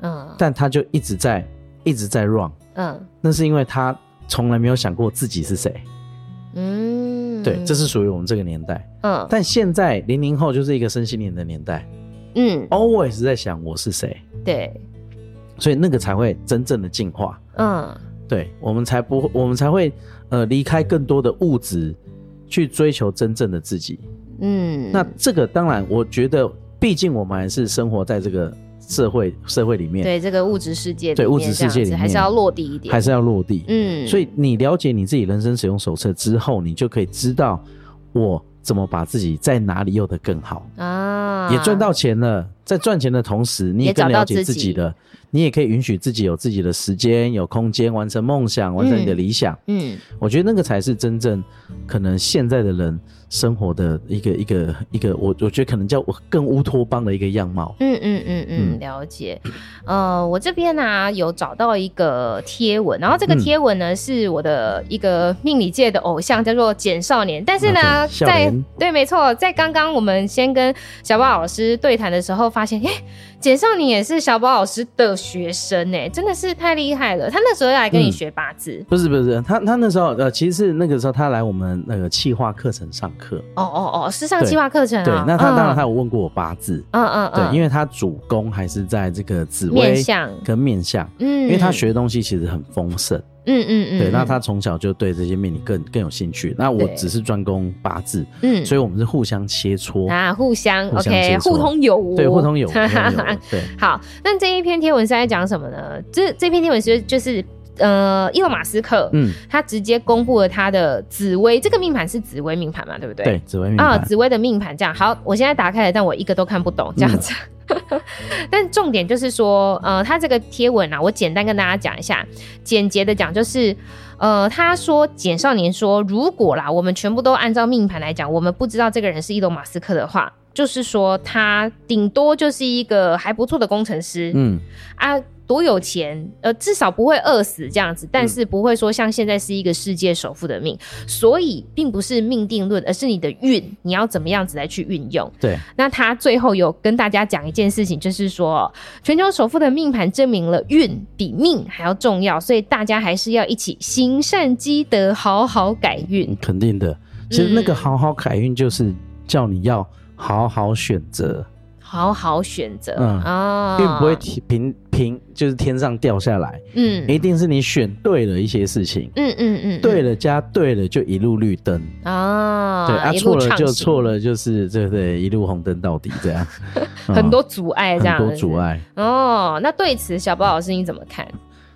嗯、uh,，但他就一直在一直在 run，嗯、uh,，那是因為他從來沒有想過自己是誰，uh, 嗯。對，這是屬於我們這個年代。嗯，但現在零零後就是一個身心靈的年代。嗯，always 在想我是誰。對，所以那個才會真正的進化。嗯，對，我們才不會，我們才會呃離開更多的物質，去追求真正的自己。嗯，那這個當然，我覺得畢竟我們還是生活在這個。社會社會裡面，對這個物質世界裡面這樣子，對物質世界裡面，還是要落地一點，還是要落地。嗯，所以你了解你自己人生使用手冊之後，你就可以知道我怎麼把自己在哪裡用得更好啊，也賺到錢了。在賺錢的同時，你也更了解自己的。你也可以允許自己有自己的時間、有空間，完成夢想，完成你的理想嗯。嗯，我覺得那個才是真正可能現在的人生活的一個一個一個，我我覺得可能叫我更烏托邦的一個樣貌。嗯嗯嗯嗯，了解。嗯、呃，我這邊呢、啊、有找到一個貼文，然後這個貼文呢、嗯、是我的一個命理界的偶像，叫做簡少年。但是呢，對在對，沒錯，在剛剛我們先跟小寶老師對談的時候，發現，哎、欸。簡少年你也是小寶老師的學生哎、欸，真的是太厲害了！他那時候要來跟你學八字，嗯、不是不是，他他那時候呃，其實是那個時候他來我們那個氣化課程上課。哦哦哦，是上氣化課程、哦、對，對，那他、哦、當然他有問過我八字。嗯嗯嗯。對，因為他主攻還是在這個紫微跟面相，面相嗯，因為他學東西其實很豐盛。嗯嗯嗯，對，那他從小就對這些命理更更有興趣。那我只是專攻八字，嗯，所以我們是互相切磋啊，互相、互相，OK，互通有無，對，互通有無。有 *laughs* 對，好，那這一篇貼文是在講什麼呢？這這篇貼文是就是呃，伊隆馬斯克，嗯，他直接公布了他的紫薇，這個命盤是紫薇命盤嘛，對不對？對，紫薇命盤，哦，紫薇的命盤這樣好，我現在打開了，但我一個都看不懂，這樣子。嗯 *laughs* 但重點就是說，呃，他這個貼文啊，我簡單跟大家講一下。簡潔的講，就是，呃，他說簡少年說，如果啦，我們全部都按照命盤來講，我們不知道這個人是伊隆馬斯克的話，就是說他頂多就是一個還不錯的工程師，嗯啊。多有錢，呃，至少不會餓死這樣子，但是不會說像現在是一個世界首富的命，嗯。所以並不是命定論，而是你的運，你要怎麼樣子來去運用。對，那他最後有跟大家講一件事情，就是說全球首富的命盤證明了運比命還要重要，所以大家還是要一起行善積德，好好改運。肯定的，其實那個好好改運就是叫你要好好選擇。嗯嗯好好選擇啊，並、嗯哦、不會平平平，就是天上掉下來。嗯，一定是你選對了一些事情。嗯嗯嗯，對了加對了，就一路綠燈啊、哦。對啊，錯了就錯了，就是對，對對，一路紅燈到底這樣、 *laughs* 嗯。很多阻礙，這樣是是很多阻礙哦。那對此，小寶老師你怎麼看？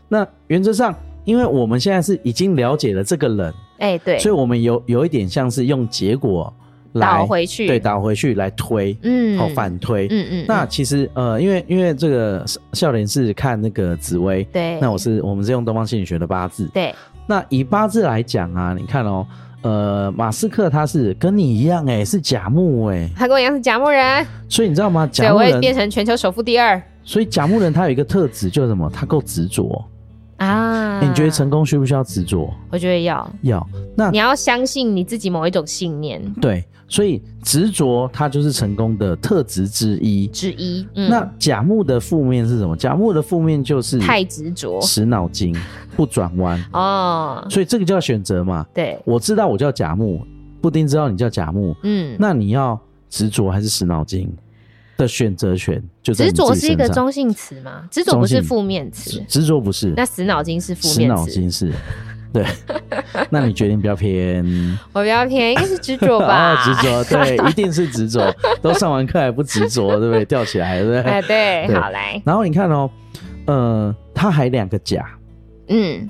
那原則上，因為我們現在是已經了解了這個人，哎、欸，對，所以我們有有一點像是用結果。倒回去，對，倒回去來推，嗯，好反推，嗯嗯。那其實呃，因為因為這個笑臉是看那個紫微，對。那我是我們是用東方心理學的八字，對。那以八字來講啊，你看哦，呃，馬斯克他是跟你一樣誒、欸，是甲木誒、欸。他跟我一樣是甲木人。所以你知道嗎？甲木人變成全球首富第二。所以甲木人他有一個特質，就是什麼？他夠執着。啊、欸，你覺得成功需不需要執着？我覺得要要。那你要相信你自己某一種信念。對，所以執着它就是成功的特質之一。之一。嗯，那甲木的負面是什麼？甲木的負面就是太執着、死腦筋、不轉彎。 *laughs* 哦。所以這個叫選擇嘛？對。我知道我叫甲木，布丁知道你叫甲木。嗯。那你要執着還是死腦筋？的選擇權就在你自己身上。執着是一個中性詞嗎？執着不是負面詞。執着不，不，不是。那死腦筋是負面詞。對。 *laughs* *laughs* 那你決定不要偏？我不要偏，應該是執着吧？執 *laughs* 着、啊、對，一定是執着。 *laughs* 都上完課還不執着，對不對？吊起來，對不對？哎、啊，對，好來。然後你看哦，喔，呃，它還兩個甲，嗯，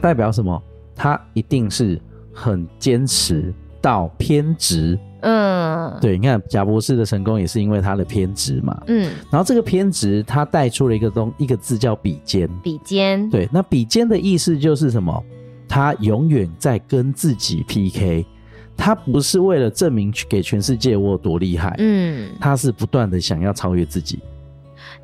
代表什麼？它一定是很堅持。到偏執，嗯、呃，對，你看賈伯斯的成功也是因為他的偏執嘛，嗯，然後這個偏執他帶出了一個東一個字叫比肩，比肩，對，那比肩的意思就是什麼？他永遠在跟自己 PK，他不是為了證明去給全世界我有多厲害，嗯，他是不斷的想要超越自己。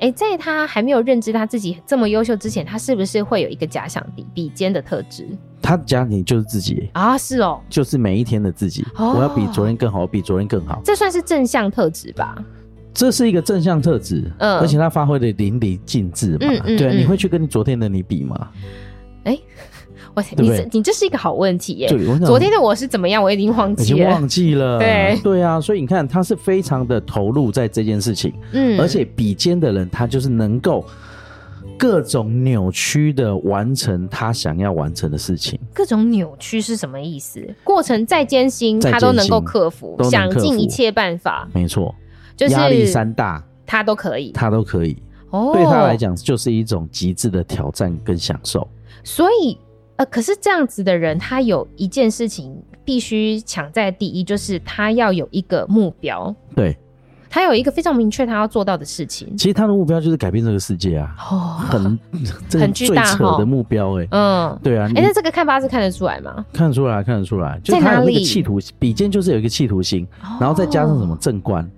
欸、在他還沒有認知他自己這麼優秀之前，他是不是會有一個假想敵比肩的特質？他假想敵就是自己啊，是哦？喔，就是每一天的自己。哦、我要比昨天更好，我比昨天更好，這算是正向特質吧？這是一個正向特質，嗯，而且他發揮得淋漓盡致嘛，嗯嗯嗯、對、啊，你會去跟你昨天的你比嗎？哎、欸。哇，你這你這是一個好問題耶！對，昨天的我是怎麼樣？我已經忘記了，已經忘記了。對對啊，所以你看，他是非常的投入在這件事情，嗯，而且比肩的人，他就是能夠各種扭曲的完成他想要完成的事情。各種扭曲是什麼意思？過程再艱辛，艱辛他都能夠克服，都能克服，想盡一切辦法。沒錯，就是壓力山大，他都可以，他都可以。哦，對他來講，就是一種極致的挑戰跟享受。所以。呃、可是這樣子的人，他有一件事情必須搶在第一，就是他要有一個目標。對，他有一個非常明確他要做到的事情。其實他的目標就是改變這個世界啊，哦、很 *laughs* 扯的、欸、很巨大的目標哎，嗯，對啊。哎、欸，那這個看法是看得出來嗎？看得出來，看得出來，在就是他有那個企圖，比肩就是有一個企圖心。哦、然後再加上什麼正官，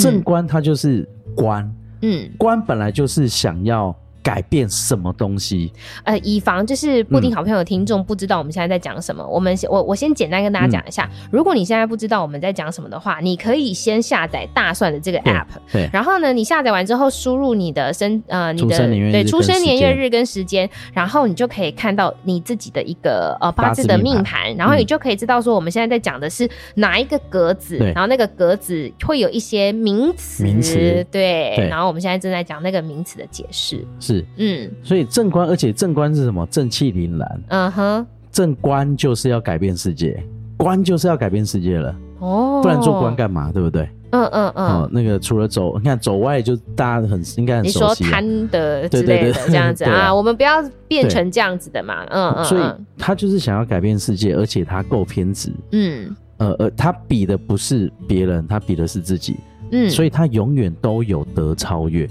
正官、嗯、他就是官，嗯，官本來就是想要。改變什麼東西？呃，以防就是布丁好朋友的聽眾不知道我們現在在講什麼，嗯、我們我我先簡單跟大家講一下、嗯。如果你現在不知道我們在講什麼的話，你可以先下載大算的這個 app，對。對，然後呢，你下載完之後，輸入你的生呃你的對出生年月日跟時間，然後你就可以看到你自己的一個呃八字的命盤，然後你就可以知道說我們現在在講的是哪一個格子，然後那個格子會有一些名詞對、對、對。然後我們現在正在講那個名詞的解釋。是，嗯，所以正官，而且正官是什麼？正氣凜然，嗯、uh、哼 -huh.，正官就是要改變世界，官就是要改變世界了，哦、oh.，不然做官幹嘛？對不對？嗯、uh、嗯 -uh -uh. 嗯，那個除了走，你看走外，就大家很應該很熟悉、啊，你說貪的，對對對，這樣子 *laughs* 啊、啊，我們不要變成這樣子的嘛，嗯嗯，uh -uh -uh. 所以他就是想要改變世界，而且他夠偏執，嗯，呃、嗯、呃，他比的不是別人，他比的是自己，嗯，所以他永遠都有得超越。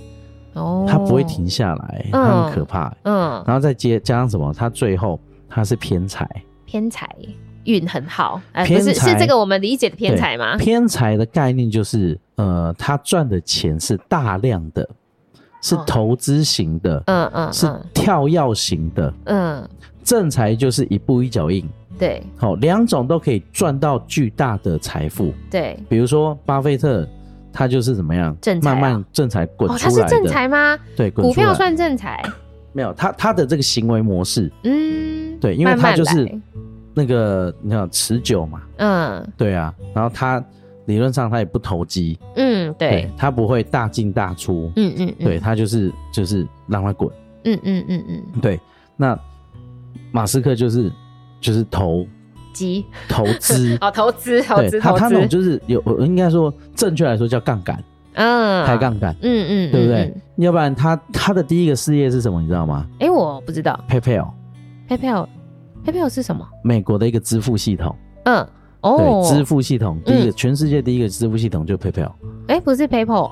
他不會停下來、欸，它很可怕、欸嗯。嗯，然後再接加上什麼？他最後他是偏財，偏財運很好。呃、偏財是，是這個我們理解的偏財嗎？偏財的概念就是，呃，他賺的錢是大量的，是投資型的、哦、型的，嗯嗯、嗯，是跳躍型的，嗯，正財就是一步一腳印。對，好、哦，兩種都可以賺到巨大的財富。對，比如說巴菲特。他就是怎麼樣，正財啊、慢慢正財滾出來的、哦。他是正財嗎？對，股票算正財？沒有，他他的這個行為模式，嗯，對，因為他就是那個，你看持久嘛，嗯，對啊。然後他理論上他也不投機，嗯對，對，他不會大進大出，嗯嗯，嗯，對，他就是就是讓他滾，嗯嗯嗯嗯，對。那馬斯克就是就是投。及投、， *laughs* 哦、投資，投資哦，投資投資，他他那就是有，應該說正確來說叫槓桿，嗯，開槓桿，嗯嗯，對不對？嗯嗯嗯、要不然他他的第一個事業是什麼？你知道嗎？哎、欸，我不知道。PayPal，PayPal，PayPal PayPal, PayPal 是什麼？美國的一個支付系統。嗯，哦，支付系統第一個、嗯，全世界第一個支付系統就 PayPal。哎、欸，不是 PayPal。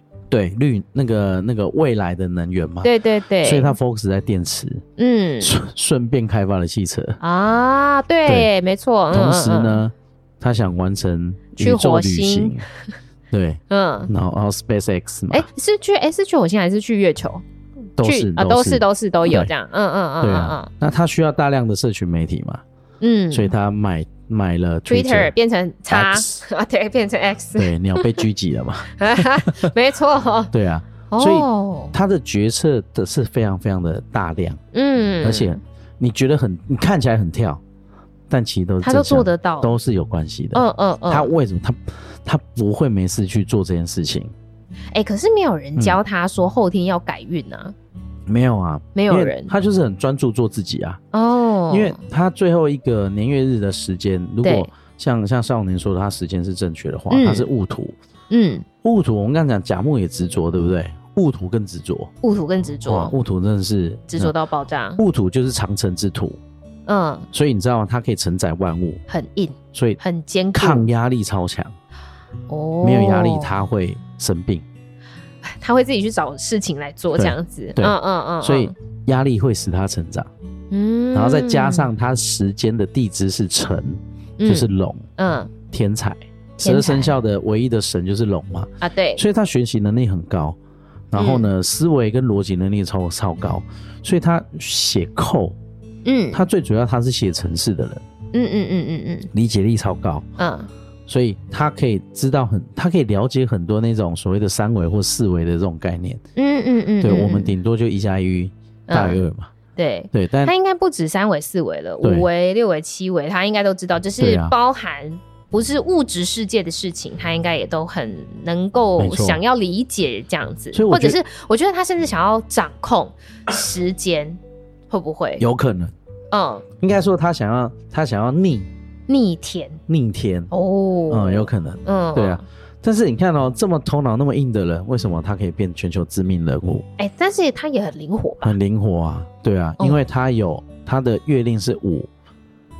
對，綠那個那個未來的能源嘛，對對對，所以他 focus 在電池，嗯，順順便開發了汽車啊，對，對沒錯。同時呢嗯嗯，他想完成去火、嗯、星、嗯嗯，對，嗯，然後 SpaceX 嘛，哎、欸，是去哎、欸、是去火星還是去月球？都去啊，都是都是都有這樣，嗯嗯嗯嗯嗯、啊。那他需要大量的社群媒體嘛？嗯，所以他買買了，Twitter 變成叉，對，變成 X，對，鳥被狙擊了嘛？ *laughs* 沒錯錯， *laughs* 對啊、哦，所以他的決策的是非常非常的大量，嗯，而且你覺得很，你看起來很跳，但其實都，都是，他都做得到，都是有關係的，嗯嗯嗯，他為什麼他他不會沒事去做這件事情？哎、欸，可是沒有人教他說後天要改運呢、啊嗯沒有啊，沒有人，他就是很專注做自己啊。哦，因為他最後一個年月日的時間，如果像像少年說的，他時間是正確的話，嗯，他是戊土。嗯，戊土，我們剛才講甲木也執着，對不對？戊土更執着，戊土更執着，戊土真的是執着到爆炸。戊土就是長城之土，嗯，所以你知道嗎？它可以承載萬物，很硬，所以很堅強，抗壓力超強。哦，沒有壓力他會生病。哦他會自己去找事情來做，這樣子，對對嗯嗯嗯，所以壓力會使他成長，嗯，然後再加上他時間的地支是辰、嗯，就是龍，嗯天，天才，十二生肖的唯一的神就是龍嘛，啊對，所以他學習能力很高，然後呢，嗯、思維跟邏輯能力超超高，所以他寫 code，嗯，他最主要他是寫程式的人，嗯嗯嗯嗯嗯，理解力超高，嗯。所以他可以知道很，他可以了解很多那種所謂的三維或四維的這種概念。嗯嗯嗯。對，嗯、我們頂多就一加一大於二嘛。對對，但他應該不止三維、四維了，五維、六維、七維，他應該都知道，這、就是包含不是物質世界的事情，啊、他應該也都很能夠想要理解這樣子。所以，或者是我覺得他甚至想要掌控時間， *laughs* 會不會？有可能。嗯，應該說他想要，他想要逆。逆天，逆天哦，嗯，有可能，嗯，對啊，但是你看哦、喔，這麼頭腦那麼硬的人，為什麼他可以變全球知名人物？哎、欸，但是他也很靈活，很靈活啊，對啊，哦、因為他有他的月令是五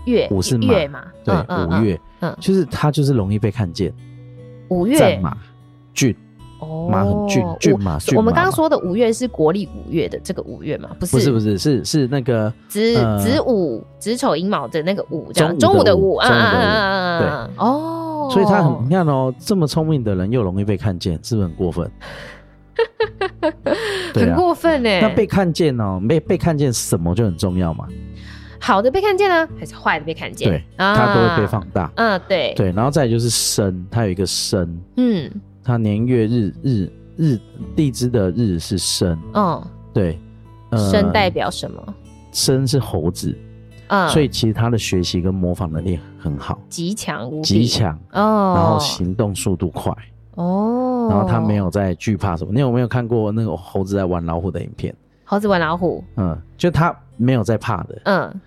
月，五是馬月嘛，對、嗯，五月，嗯，就是他就是容易被看見，嗯、五月戰馬俊。馬很俊，駿馬駿，俊馬馬我們剛剛說的五月是國歷五月的這個五月嘛？不是不是不是是,是那個子、呃、子午子丑寅卯的那個午，中午的午，中午的午啊,啊,啊,啊,啊,啊,啊,啊,啊對。對哦，所以他很你看哦、喔，這麼聰明的人又容易被看見，是不是很過分？ *laughs* 啊、很過分哎、欸！那被看見哦、喔，被被看見什麼就很重要嘛。好的被看見呢，還是壞的被看見，對，他都會被放大。嗯、啊啊啊啊啊，對對，然後再來就是生，他有一個生，嗯。他年月日日日地支的日是申，嗯，對，呃，申代表什麼？申是猴子，啊、嗯，所以其實他的學習跟模仿能力很好，極強極強哦。然後行動速度快，哦，然後他沒有在懼怕什麼。你有沒有看過那個猴子在玩老虎的影片？猴子玩老虎，嗯，就他沒有在怕的，嗯，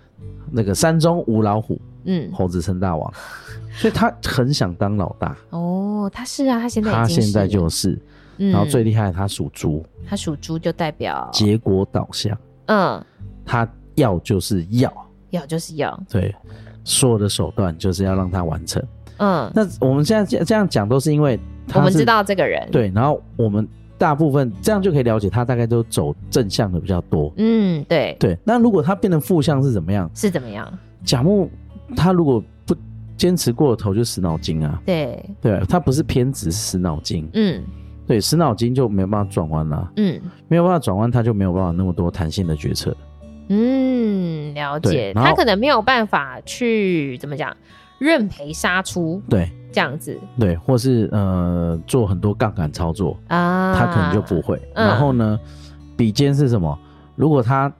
那個山中無老虎，嗯，猴子稱大王、嗯，所以他很想當老大哦。他是啊，他現在他現在就是，嗯、然後最厲害的他屬豬，他屬豬就代表結果導向。嗯，他要就是要要就是要對所有的手段就是要讓他完成。嗯，那我們現在這樣講都是因為是我們知道這個人對，然後我們大部分這樣就可以了解他大概都走正向的比較多。嗯，對對。那如果他變成負向是怎麼樣？是怎麼樣？甲木。他如果不堅持過頭，就死腦筋啊對！對對，他不是偏執，是死腦筋。嗯，對，死腦筋就沒有辦法轉彎了。嗯，沒有辦法轉彎，他就沒有辦法那麼多彈性的決策。嗯，了解。他可能沒有辦法去怎麼講認賠殺出，對，這樣子。對，或是呃做很多槓桿操作啊，他可能就不會。然後呢，比、嗯、肩是什麼？如果他。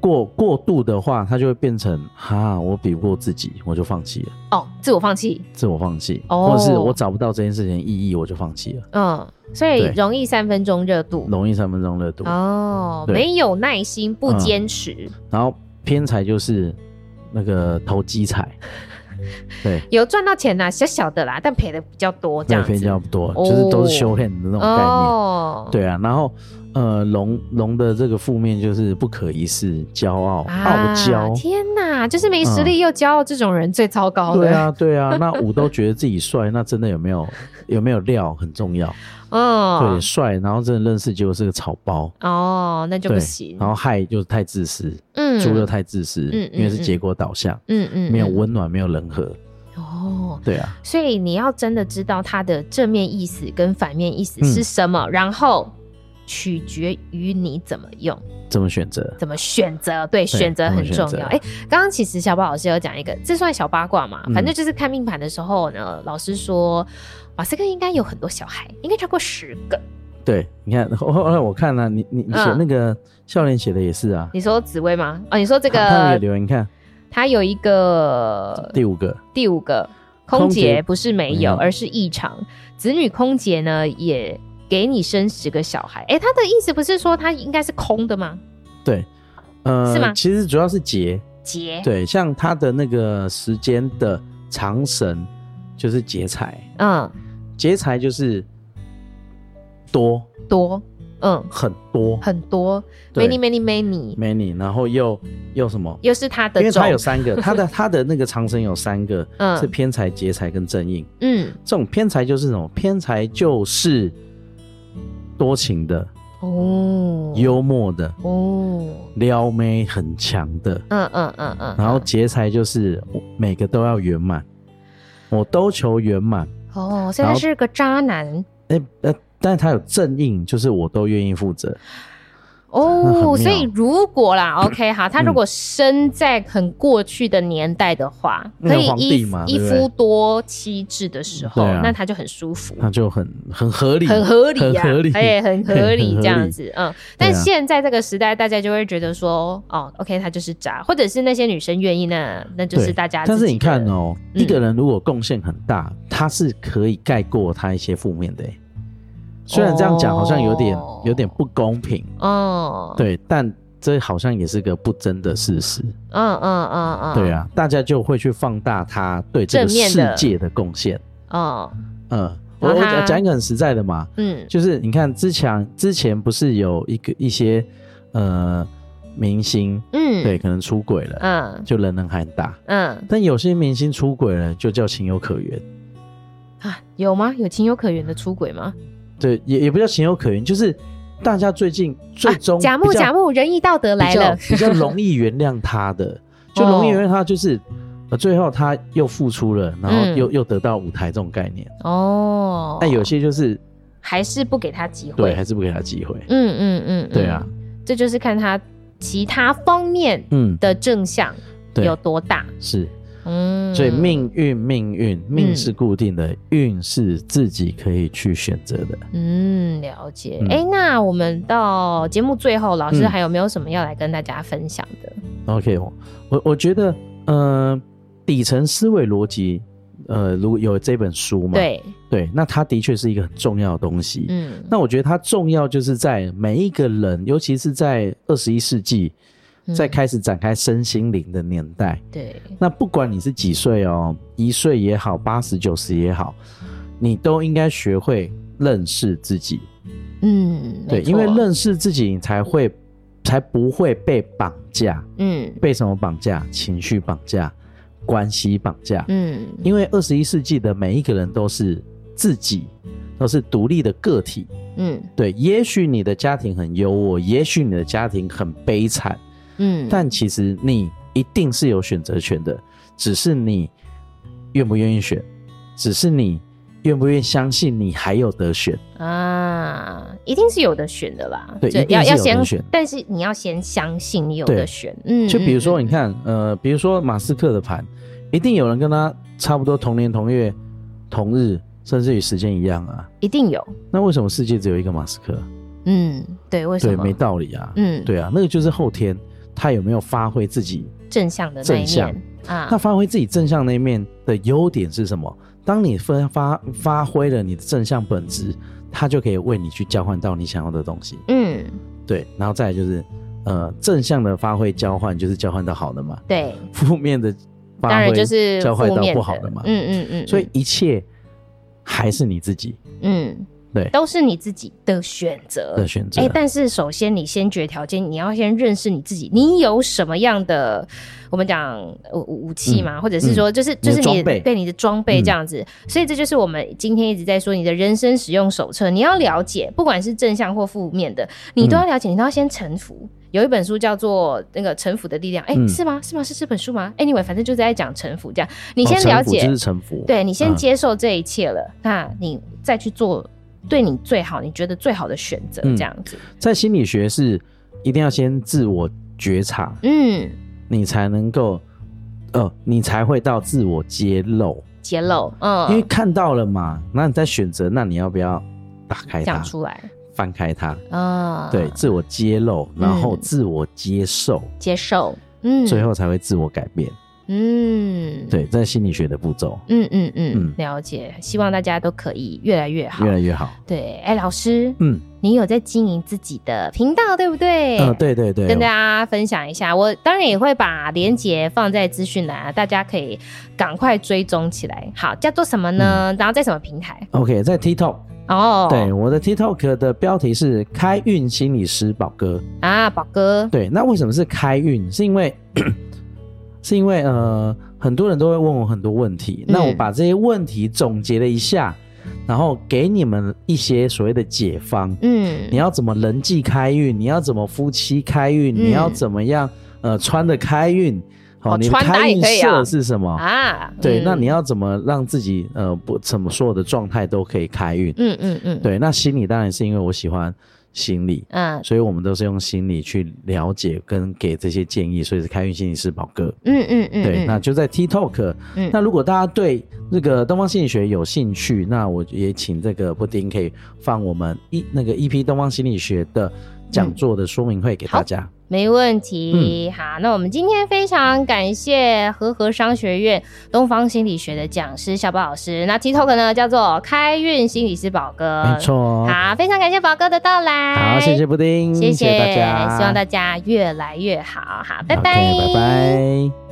過過度的話，它就會變成哈、啊，我比不過自己，我就放棄了。哦，自我放棄，自我放棄、哦，或者是我找不到這件事情意義，我就放棄了。嗯，所以容易三分鐘熱度，容易三分鐘熱度。哦，沒有耐心，不堅持、嗯。然後偏財就是那個投機財對，有賺到錢啊，小小的啦，但賠的比較多，這樣子，賠的比較多，就是都是修煉的那種概念。哦，對啊，然後，龍、呃、龍的這個負面就是不可一世，驕傲，啊、傲嬌，天哪，就是沒實力又驕傲，這種人最糟糕、嗯。對啊，對啊，那武都覺得自己帥， *laughs* 那真的有沒有？有沒有料很重要哦，對，帥，然後真的認識，結果是個草包哦，那就不行。然後害就是太自私，嗯，豬就太自私，嗯嗯，因為是結果導向，嗯嗯，嗯，沒有溫暖，沒有人和哦，對啊，所以你要真的知道它的正面意思跟反面意思是什麼，嗯、然後取決於你怎麼用，怎麼選擇，怎麼選擇，對，選擇很重要。哎，剛、欸、剛其實小寶老師有講一個，這算小八卦嘛，反正就是看命盤的時候呢，嗯、老師說。馬斯克應該有很多小孩，應該超過十個。對，你看後來我，我看了，啊，你你寫那個笑練寫的也是啊，嗯。你說紫微嗎？啊、哦，你說這個？啊，你看，他有一個第五個，第五個空劫不是沒有，而是異常。子女空劫呢，也給你生十個小孩。哎、欸，他的意思不是說他應該是空的嗎？對，呃，是嗎？其實主要是劫，劫對，像他的那個時間的長生就是劫財，嗯。劫財就是多多，嗯，很多很多，many many many many，然後又又什麼？又是他的，因為他有三個， *laughs* 他的他的那個長生有三個，嗯，是偏財、劫財跟正印，嗯，這種偏財就是什麼？偏財就是多情的哦，幽默的哦，撩妹很強的，嗯嗯嗯嗯，然後劫財就是每個都要圓滿，嗯，我都求圓滿。哦，現在是個渣男。哎、欸，但是他有正印，就是我都願意負責。哦、oh，所以如果啦 *coughs* ，OK，好，他如果生在很過去的年代的話，嗯、可以一，對對一夫多妻制的時候，嗯啊、那他就很舒服，那就很很合理，很合理，很合理、啊很合理欸，很合理這樣子，欸、嗯。但現在這個時代，大家就會覺得說，嗯啊、哦，OK，他就是渣，或者是那些女生願意呢，那就是大家的。但是你看哦、喔嗯，一個人如果貢獻很大，他是可以蓋過他一些負面的、欸。雖然這樣講好像有點、oh, 有點不公平哦，oh. 對，但這好像也是個不爭的事實。嗯嗯嗯嗯，對啊，大家就會去放大他對這個世界的貢獻。哦，oh. 嗯，我講一個很實在的嘛，嗯、okay.，就是你看之前之前不是有一個一些呃明星，嗯、uh.，對，可能出軌了，嗯、uh.，就人人喊打，嗯、uh.，但有些明星出軌了就叫情有可原、啊、有嗎？有情有可原的出軌嗎？對，也也比較情有可原，就是大家最近最終甲、啊、木甲木仁義道德來了，比較，比較容易原諒他的， *laughs* 就容易原諒他，就是、哦、最後他又復出了，然後又、嗯、又得到舞台這種概念哦。但有些就是還是不給他機會，對，還是不給他機會。嗯嗯嗯，對啊，這就是看他其他方面的嗯的正向有多大是。嗯，所以命運，命運，命是固定的，運、嗯、是自己可以去選擇的。嗯，了解。嗯，欸、那我們到節目最後，老師還有沒有什麼要來跟大家分享的、嗯？OK，我我覺得，嗯、呃，底層思維邏輯，呃，如果有這本書嘛，對對，那它的確是一個很重要的東西。嗯，那我覺得它重要，就是在每一個人，尤其是在二十一世紀。在開始展開身心靈的年代、嗯，對，那不管你是幾歲哦，一歲也好，八十九十也好，你都應該學會認識自己。嗯，對，因為認識自己，你才會、嗯、才不會被綁架。嗯，被什麼綁架？情緒綁架，關係綁架。嗯，因為二十一世紀的每一個人都是自己，都是獨立的個體。嗯，對，也許你的家庭很優渥，也許你的家庭很悲慘。嗯，但其實你一定是有選擇權的，只是你願不願意選，只是你願不願意相信你還有得選啊，一定是有得選的吧？對，要要先選，但是你要先相信你有得選。嗯，就比如說你看嗯嗯嗯，呃，比如說馬斯克的盤，一定有人跟他差不多同年同月同日，甚至於時間一樣啊，一定有。那為什麼世界只有一個馬斯克？嗯，對，為什麼？對，沒道理啊。嗯，對啊，那個就是後天。他有沒有發揮自己正向的正向啊？那發揮自己正向那一面的優點是什麼？當你發發發揮了你的正向本質，他就可以為你去交換到你想要的東西。嗯，對。然後再來就是，呃，正向的發揮交換就是交換到好的嘛。對，嗯，負面的發揮，就是交換到不好的嘛。嗯嗯嗯。所以一切還是你自己。嗯。嗯對，都是你自己的選擇。的、欸、但是首先你先決條件，你要先認識你自己，你有什麼樣的，我們講武武器嗎、嗯、或者是說、就是嗯，就是就是你對你的裝備，備這樣子、嗯。所以這就是我們今天一直在說你的人生使用手冊，你要了解，不管是正向或負面的，你都要了解，嗯、你都要先臣服。有一本書叫做那個臣服的力量，哎、欸嗯，是嗎？是嗎？是這本書嗎？anyway，、欸、反正就是在講臣服，這樣你先了解，哦、就是對你先接受這一切了，啊、那你再去做。對你最好，你覺得最好的選擇這樣子，嗯，在心理學是一定要先自我覺察，嗯，你才能夠，呃，你才會到自我揭露，揭露，嗯，因為看到了嘛，那你在選擇，那你要不要打開它出來，翻開它啊，嗯？對，自我揭露，然後自我接受，接受，嗯，最後才會自我改變。嗯，對，在心理學的步驟。嗯嗯嗯，了解。希望大家都可以越來越好，越來越好。對，哎、欸，老師，嗯，你有在經營自己的頻道對不對？嗯、呃，對對對。跟大家分享一下，我，我當然也會把連結放在資訊欄，大家可以趕快追蹤起來。好，叫做什麼呢？嗯、然後在什麼平台？OK，在 TikTok。哦，對，我的 TikTok 的標題是“開運心理師寶哥”。啊，寶哥。對，那為什麼是開運？是因為。 *coughs* 是因為呃，很多人都會問我很多問題，嗯，那我把這些問題總結了一下，然後給你們一些所謂的解方。嗯，你要怎麼人際開運？你要怎麼夫妻開運？嗯，你要怎麼樣？呃，穿的開運？好、嗯，穿、哦、開運色是什麼？哦、啊、啊？對、嗯，那你要怎麼讓自己呃不怎麼說的狀態都可以開運？嗯嗯嗯。對，那心理當然是因為我喜歡。心理，嗯、uh,，所以我們都是用心理去了解跟給這些建議，所以是開運心理師寶哥，嗯嗯嗯，對嗯，那就在 T Talk，、嗯、那如果大家對那個東方心理學有興趣，那我也請這個布丁可以放我們一、e, 那個 EP 東方心理學的講座的說明會給大家。嗯沒問題、嗯，好，那我們今天非常感謝禾禾商學院東方心理學的講師小寶老師，那 TikTok 呢叫做開運心理師寶哥，沒錯，好，非常感謝寶哥的到來，好，謝謝布丁謝謝，謝謝大家，希望大家越來越好，好，拜拜，拜、okay, 拜。